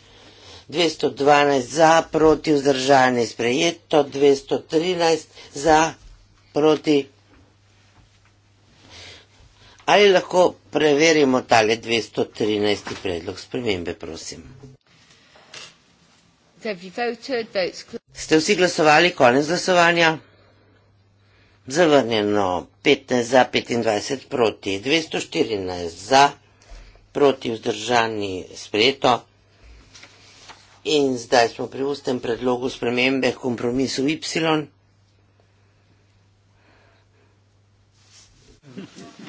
212 za, proti vzdržani sprejeto, 213 za, proti. Ali lahko preverimo tale 213. predlog spremembe, prosim? Ste vsi glasovali konec glasovanja? Zavrnjeno 15 za, 25 proti, 214 za, proti vzdržani sprejeto, 213. In zdaj smo pri ustnem predlogu spremembe kompromisu Y.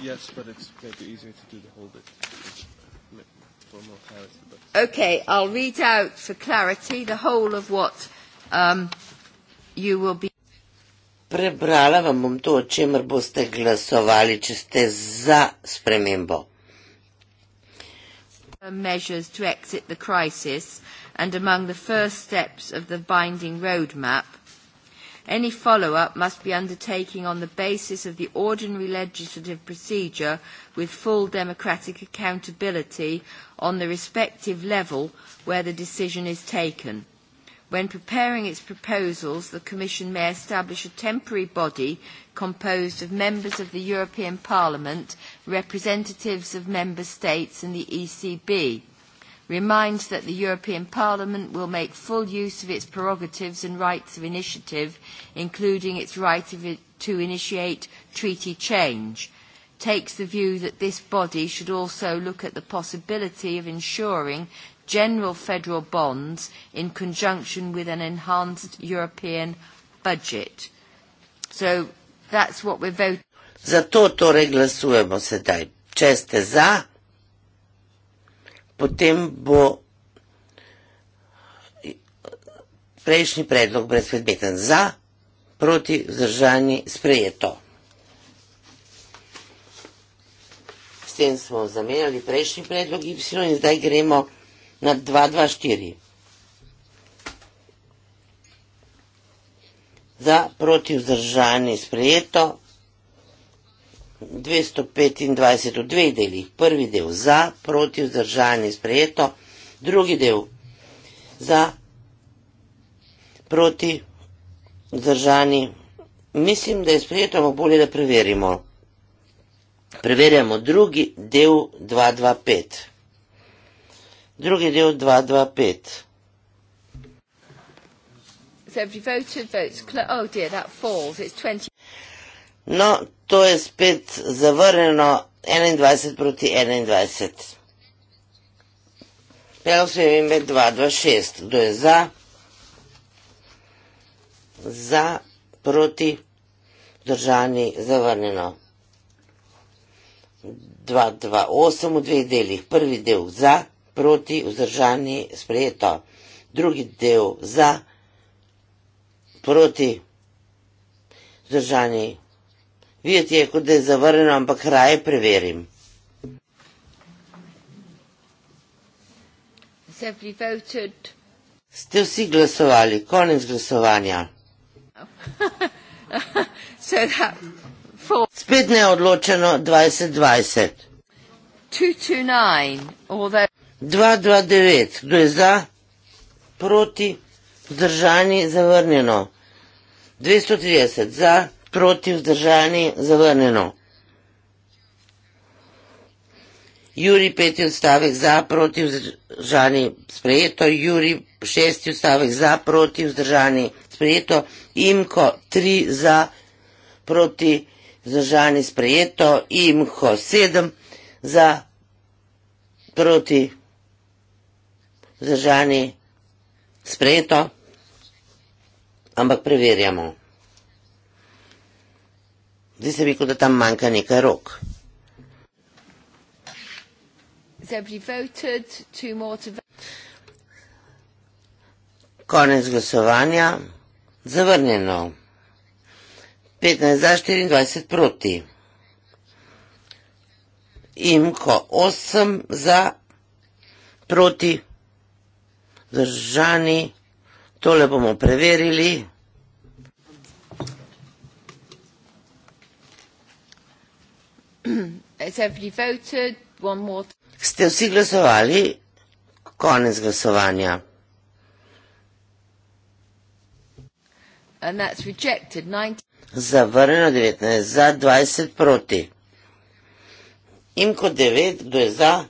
Yes, but it's maybe easier to do the whole bit for more clarity. But... Okay, I'll read out for clarity the whole of what um, you will be. Prebrala vam bom to, o čemer boste glasovali, če ste za spremembo measures to exit the crisis and among the first steps of the binding roadmap. Any follow-up must be undertaken on the basis of the ordinary legislative procedure with full democratic accountability on the respective level where the decision is taken. When preparing its proposals, the Commission may establish a temporary body composed of members of the European Parliament, representatives of member states and the ECB, reminds that the European Parliament will make full use of its prerogatives and rights of initiative, including its right of it to initiate treaty change, takes the view that this body should also look at the possibility of ensuring general federal bonds in conjunction with an enhanced European budget. So Zato torej glasujemo sedaj. Če ste za, potem bo prejšnji predlog brezpredmeten. Za, proti, vzdržani, sprejeto. S tem smo zamenjali prejšnji predlog Y in zdaj gremo na 224. za proti vzdržanje sprejeto 225 v dveh delih. Prvi del za proti vzdržanje sprejeto, drugi del za proti vzdržanje. Mislim, da je sprejeto, bo bolje, da preverimo. Preverjamo drugi del 225. Drugi del 225 every voted votes oh dear that falls it's 20 No to je spet zavrnjeno 21 proti 21 Pelo se ime 226 kdo je za za proti držani zavrnjeno 228 v dveh delih prvi del za proti vzdržani sprejeto drugi del za proti proti zdržanji. Videti je, kot da je zavrnjeno, ampak raje preverim. Ste vsi glasovali, konec glasovanja. Spet ne odločeno 2020. 229, kdo je za? Proti vzdržani, zavrnjeno. 230 za, proti, vzdržani, zavrnjeno. Juri peti odstavek za, proti, vzdržani, sprejeto. Juri šesti odstavek za, proti, vzdržani, sprejeto. Imko tri za, proti, vzdržani, sprejeto. Imko sedem za, proti, vzdržani, sprejeto ampak preverjamo. Zdaj se mi, kot da tam manjka nekaj rok. Konec glasovanja. Zavrnjeno. 15 za 24 proti. Imko 8 za proti. Zdržani Tole bomo preverili. Ste vsi glasovali? Konec glasovanja. And that's rejected, 19... Zavrneno 19, za 20 proti. In kot 9, kdo je za?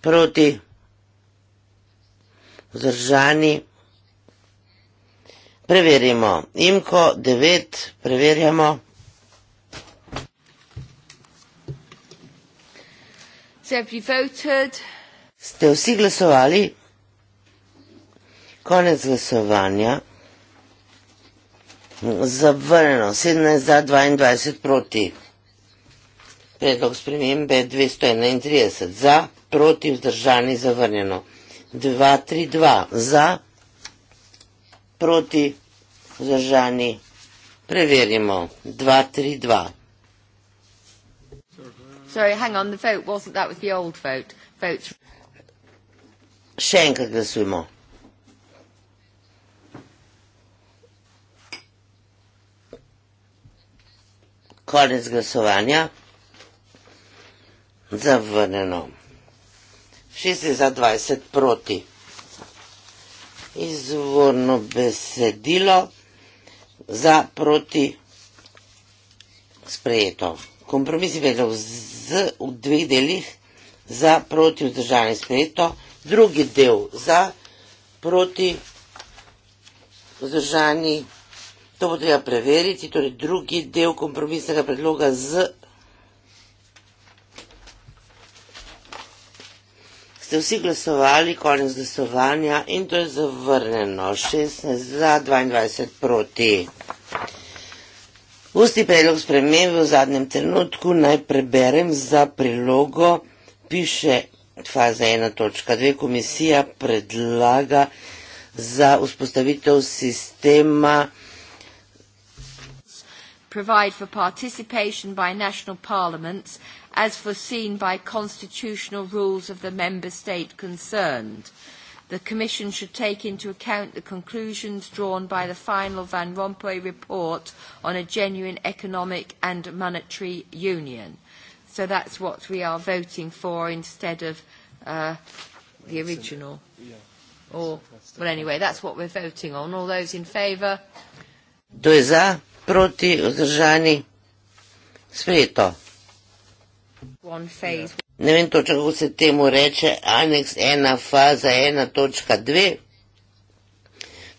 Proti. Zdržani. Preverimo. Imko 9, preverjamo. Ste vsi glasovali? Konec glasovanja. Zavrneno. 17 za 22 proti. Predlog spremembe 231 za, proti vzdržani zavrneno. 232 za proti zržani. Preverimo. 2-3-2. Sorry, hang on, the vote wasn't, that was the old vote. Votes... Še enkrat glasujmo. Konec glasovanja. Zavrneno. 26 proti izvorno besedilo za proti sprejeto. Kompromis je bilo z, v dveh delih za proti vzdržanje sprejeto, drugi del za proti vzdržanje, to bo treba preveriti, torej drugi del kompromisnega predloga z ste vsi glasovali, konec glasovanja in to je zavrnjeno. 16 za 22 proti. Usti predlog spremembe v zadnjem trenutku naj preberem za prilogo, piše faza 1.2. Komisija predlaga za vzpostavitev sistema. Provide for participation by national parliaments as foreseen by constitutional rules of the member state concerned. The Commission should take into account the conclusions drawn by the final Van Rompuy report on a genuine economic and monetary union. So that's what we are voting for instead of uh, the original. Or, well, anyway, that's what we're voting on. All those in favour? Do za, proti, uzdržani, sprijeto. Ja. Ne vem točno, kako se temu reče, aneks ena faza, ena točka dve.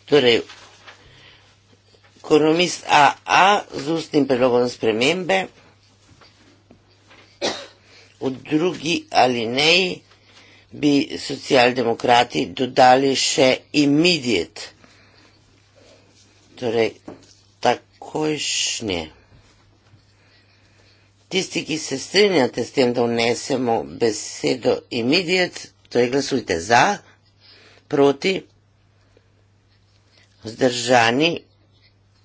Torej, koromist AA z ustnim predlogom spremembe v drugi alineji bi socialdemokrati dodali še immediate, torej takojšnje. Tisti, ki se strinjate s tem, da vnesemo besedo imidijet, to je glasujte za, proti, vzdržani.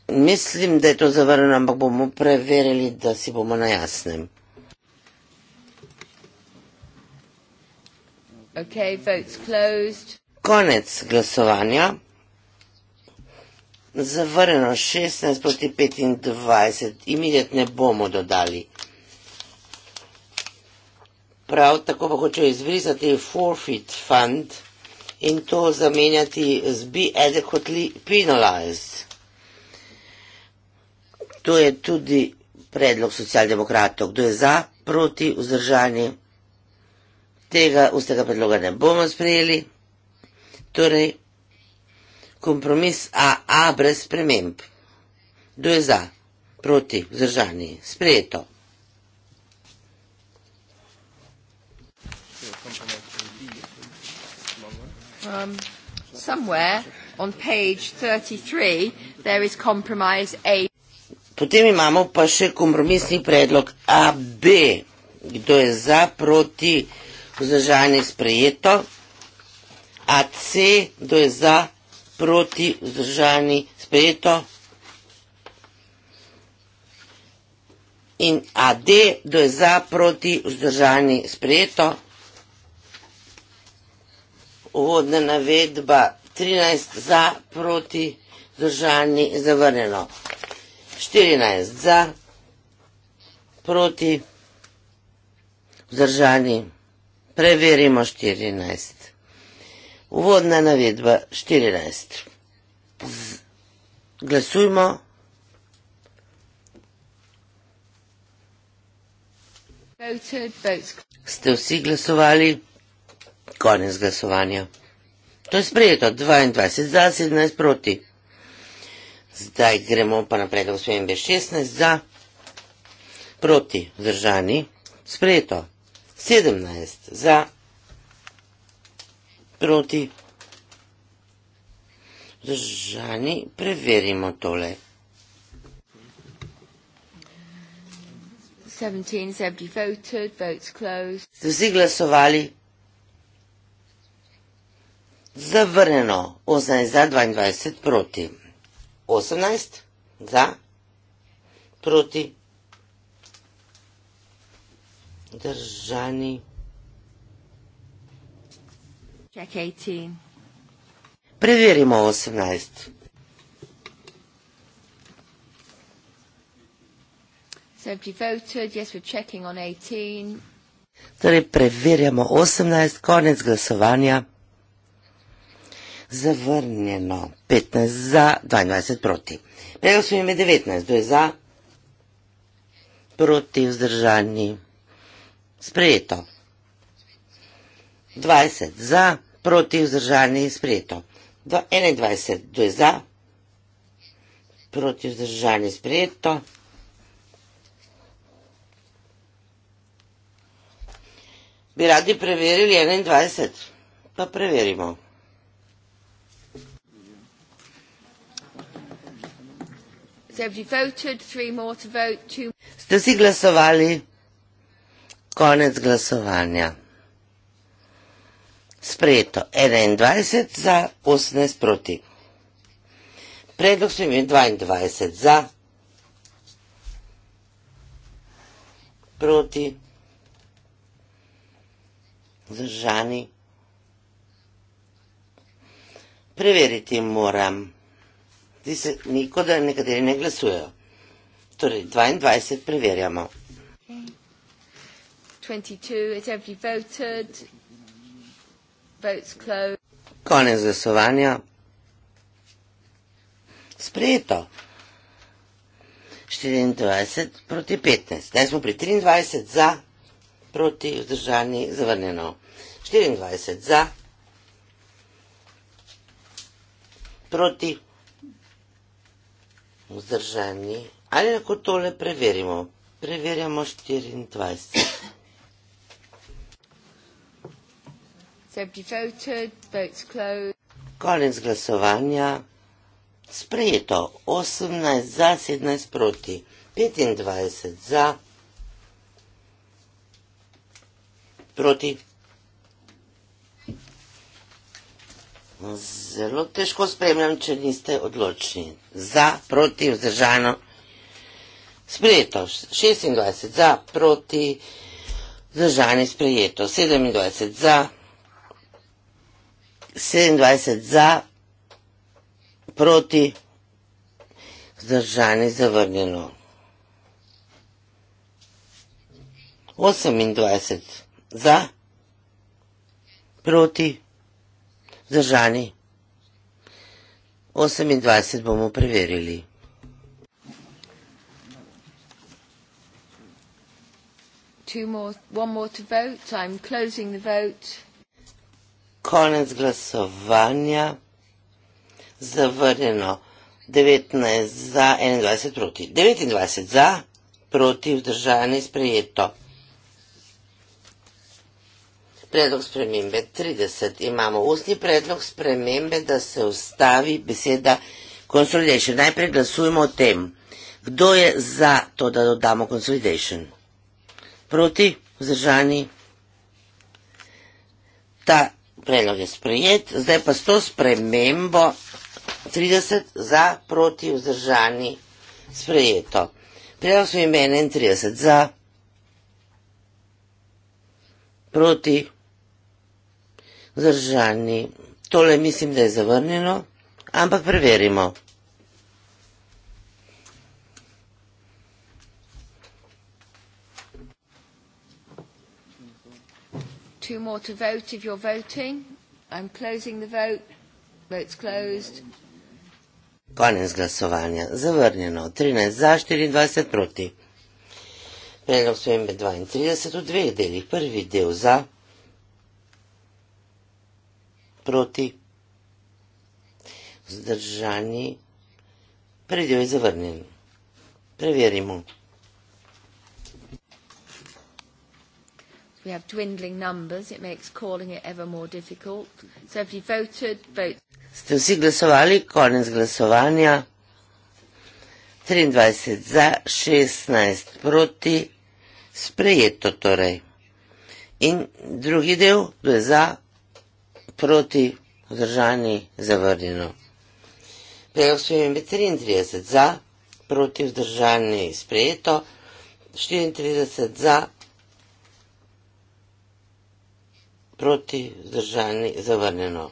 Mislim, da je to zavrnjeno, ampak bomo preverili, da si bomo na jasnem. Okay, Konec glasovanja. Zavrnjeno 16 proti 25. Imidijet ne bomo dodali prav tako pa hočejo izbrisati forfeit fund in to zamenjati z be adequately penalized. To je tudi predlog socialdemokratov. Kdo je za, proti vzdržanje tega ustega predloga ne bomo sprejeli. Torej, kompromis AA brez sprememb. Kdo je za, proti vzdržanje? Sprejeto. um, somewhere on page 33 there is compromise A. Potem imamo pa še kompromisni predlog AB. Kdo je za, proti, vzdržanje sprejeto. AC, kdo je za, proti, vzdržanje sprejeto. In AD, kdo je za, proti, vzdržanje sprejeto uvodna navedba 13 za, proti, zdržani, zavrneno. 14 za, proti, zdržani, preverimo 14. Uvodna navedba 14. Glasujmo. Ste vsi glasovali? konec glasovanja. To je sprejeto, 22 za, 17 proti. Zdaj gremo pa naprej, da vsem bi 16 za, proti, vzdržani, sprejeto, 17 za, proti, vzdržani, preverimo tole. 17, 70 voted, votes closed. Vsi glasovali, Zavrnjeno 18 za 22 proti. 18 za proti. Držani. Check 18. Preverimo 18. So have you voted? Yes, we're checking on 18. Torej, preverjamo 18, konec glasovanja zavrnjeno. 15 za, 22 proti. Pega so ime 19, 2 za, proti vzdržani. Sprejeto. 20 za, proti vzdržani, sprejeto. 21, 2 za, proti vzdržani, sprejeto. 21, bi radi preverili 21, pa preverimo. 21. Ste si glasovali? Konec glasovanja. Sprejeto 21 za, 18 proti. Predlog sem imel 22 za, proti, zdržani. Preveriti moram. Zdi se, niko, da nekateri ne glasujejo. Torej, 22 preverjamo. Konec glasovanja. Sprejeto. 24 proti 15. Zdaj smo pri 23 za, proti vzdržani zavrnjeno. 24 za, proti 15 vzdržani. Ali lahko tole preverimo? Preverjamo 24. Konec glasovanja. Sprejeto 18 za, 17 proti, 25 za, proti Zelo težko spremljam, če niste odločni. Za, proti, vzdržano. Sprejeto. 26 za, proti, vzdržani, sprejeto. 27 za, 27 za, proti, vzdržani, zavrnjeno. 28 za, proti, vzdržani zdržani. 28 bomo preverili. Two more, one more to vote. I'm closing the vote. Konec glasovanja. Zavrjeno. 19 za, 21 proti. 29 za, proti vzdržane sprejeto predlog spremembe 30. Imamo ustni predlog spremembe, da se ustavi beseda consolidation. Najprej glasujemo o tem, kdo je za to, da dodamo consolidation. Proti, vzdržani. Ta predlog je sprejet, zdaj pa s to spremembo 30 za, proti, vzdržani, sprejeto. Predlog so imen 31 za, proti, vzdržani vzdržani. Tole mislim, da je zavrnjeno, ampak preverimo. Two more to vote if you're voting. I'm closing the vote. Vote's closed. Konec glasovanja. Zavrnjeno. 13 za, 24 proti. Predlog sprejembe 32 v dveh delih. Prvi del za proti. Vzdržani predjo je zavrnjen. Preverimo. We have dwindling numbers, it makes calling it ever more difficult. So if you voted, vote. Ste vsi glasovali, konec glasovanja. 23 za, 16 proti, sprejeto torej. In drugi del, kdo je za, proti, vzdržani, zavrnjeno. Prejel so ime 33 za, proti, vzdržani, sprejeto, 34 za, proti, vzdržani, zavrnjeno.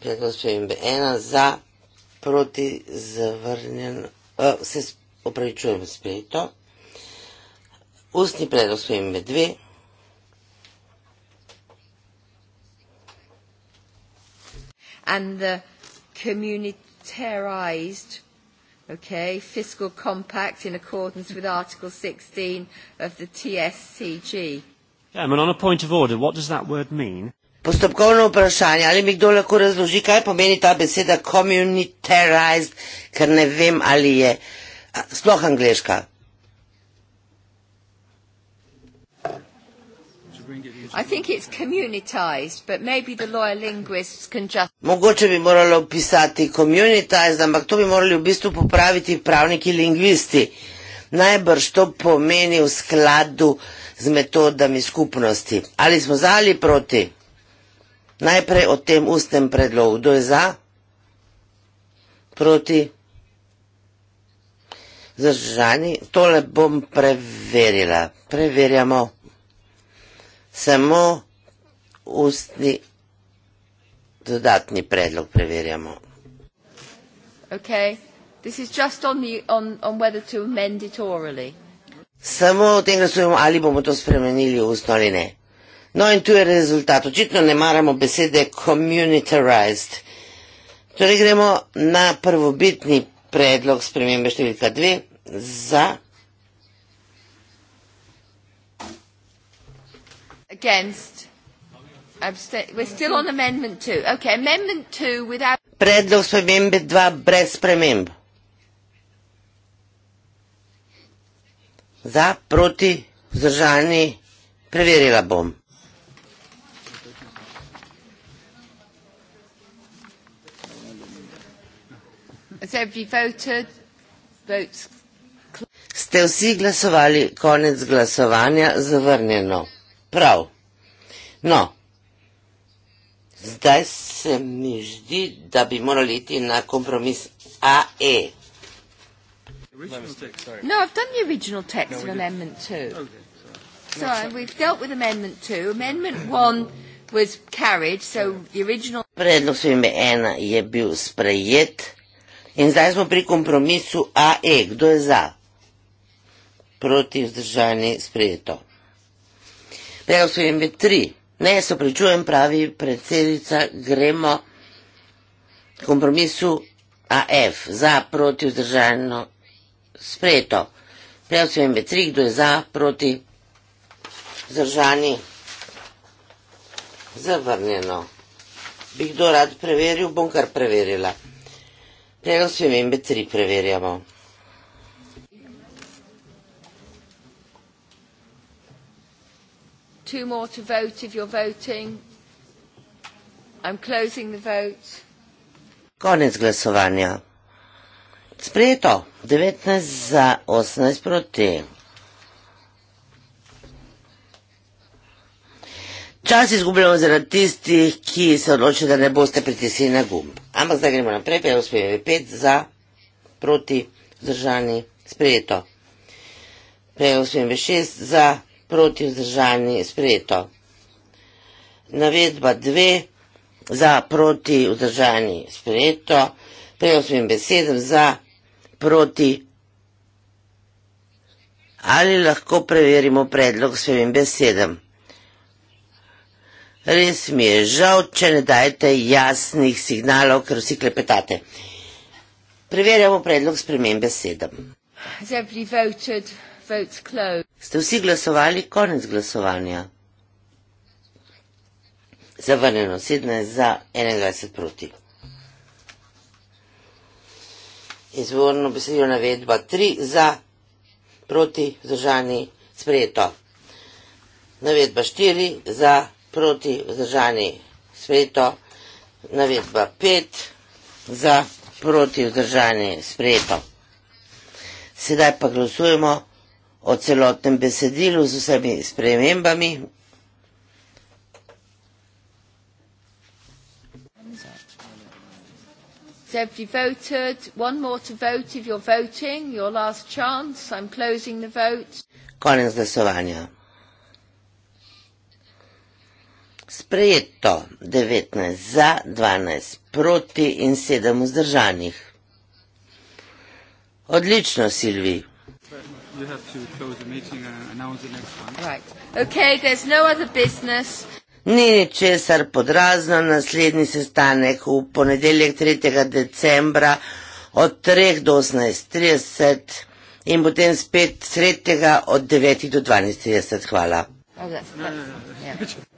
Prejel so ime 1 za, proti, zavrnjeno, e, se opravičujem sprejeto, ustni predlog so ime 2, and the communitarized okay, fiscal compact in accordance with Article 16 of the TSCG. Yeah, and on a point of order, what does that word mean? Postopkovno vprašanje, ali mi kdo lahko razloži, kaj pomeni ta beseda communitarized, ker ne vem, ali je sploh angliška. I think it's communitized, but maybe the lawyer linguists can just... Mogoče bi moralo pisati communitized, ampak to bi morali v bistvu popraviti pravniki lingvisti. Najbrž to pomeni v skladu z metodami skupnosti. Ali smo za ali proti? Najprej o tem ustnem predlogu. Kdo je za? Proti? Zdržani? Tole bom preverila. Preverjamo samo ustni dodatni predlog preverjamo. Okay. This is just on the on on whether to amend it orally. Samo o tem glasujemo, ali bomo to spremenili ustno ali ne. No in tu je rezultat. Očitno ne maramo besede communitarized. Torej gremo na prvobitni predlog spremembe številka 2 za Against? We're still on amendment two. Okay, amendment two without... Predlog spremembe dva brez sprememb. Za, proti, vzdržani, preverila bom. Ste vsi glasovali konec glasovanja zavrnjeno? Prav. No, zdaj se mi zdi, da bi morali iti na kompromis AE. No, I've done the original text no, of Amendment 2. Okay, so we've dealt with Amendment 2. Amendment 1 was carried, so the original... Predlog svime ena je bil sprejet in zdaj smo pri kompromisu AE. Kdo je za? Proti vzdržajni sprejeto. Štejo so jim tri. Ne, se pričujem, pravi predsednica, gremo kompromisu AF za proti vzdržajno spreto. Štejo so jim tri, kdo je za proti vzdržani zavrnjeno. Bi kdo rad preveril, bom kar preverila. Štejo so jim tri, preverjamo. two more to vote if you're voting. I'm closing the vote. Konec glasovanja. Sprejeto. 19 za, 18 proti. Čas izgubljamo zaradi tistih, ki se odločijo, da ne boste pritisnili na gumb. Ampak zdaj gremo naprej, pa je uspeh 5 za, proti, zdržani, sprejeto. Pa je uspeh 6 za, proti vzdržani sprejeto. Navedba dve za proti vzdržani sprejeto, preosmim besedem za proti. Ali lahko preverimo predlog s svojim besedem? Res mi je žal, če ne dajete jasnih signalov, ker vsi klepetate. Preverjamo predlog s premembe sedem. Zdaj prevočet. Ste vsi glasovali konec glasovanja? Zavrnjeno 17 za 21 proti. Izvorno besedilo navedba 3 za proti vzdržani sprejeto. Navedba 4 za proti vzdržani sprejeto. Navedba 5 za proti vzdržani sprejeto. Sedaj pa glasujemo o celotnem besedilu z vsemi spremembami. So if you voted, one more to vote if you're voting, your last chance, I'm closing the vote. Konec glasovanja. Sprejeto 19 za, 12 proti in 7 vzdržanih. Odlično, Silvi you have to close the meeting and announce the next one. Right. Okay, there's no other business. Ni ničesar pod razno, naslednji sestanek v ponedeljek 3. decembra od 3 do 18.30 in potem spet 3. od 9 do 12.30. Hvala. Oh,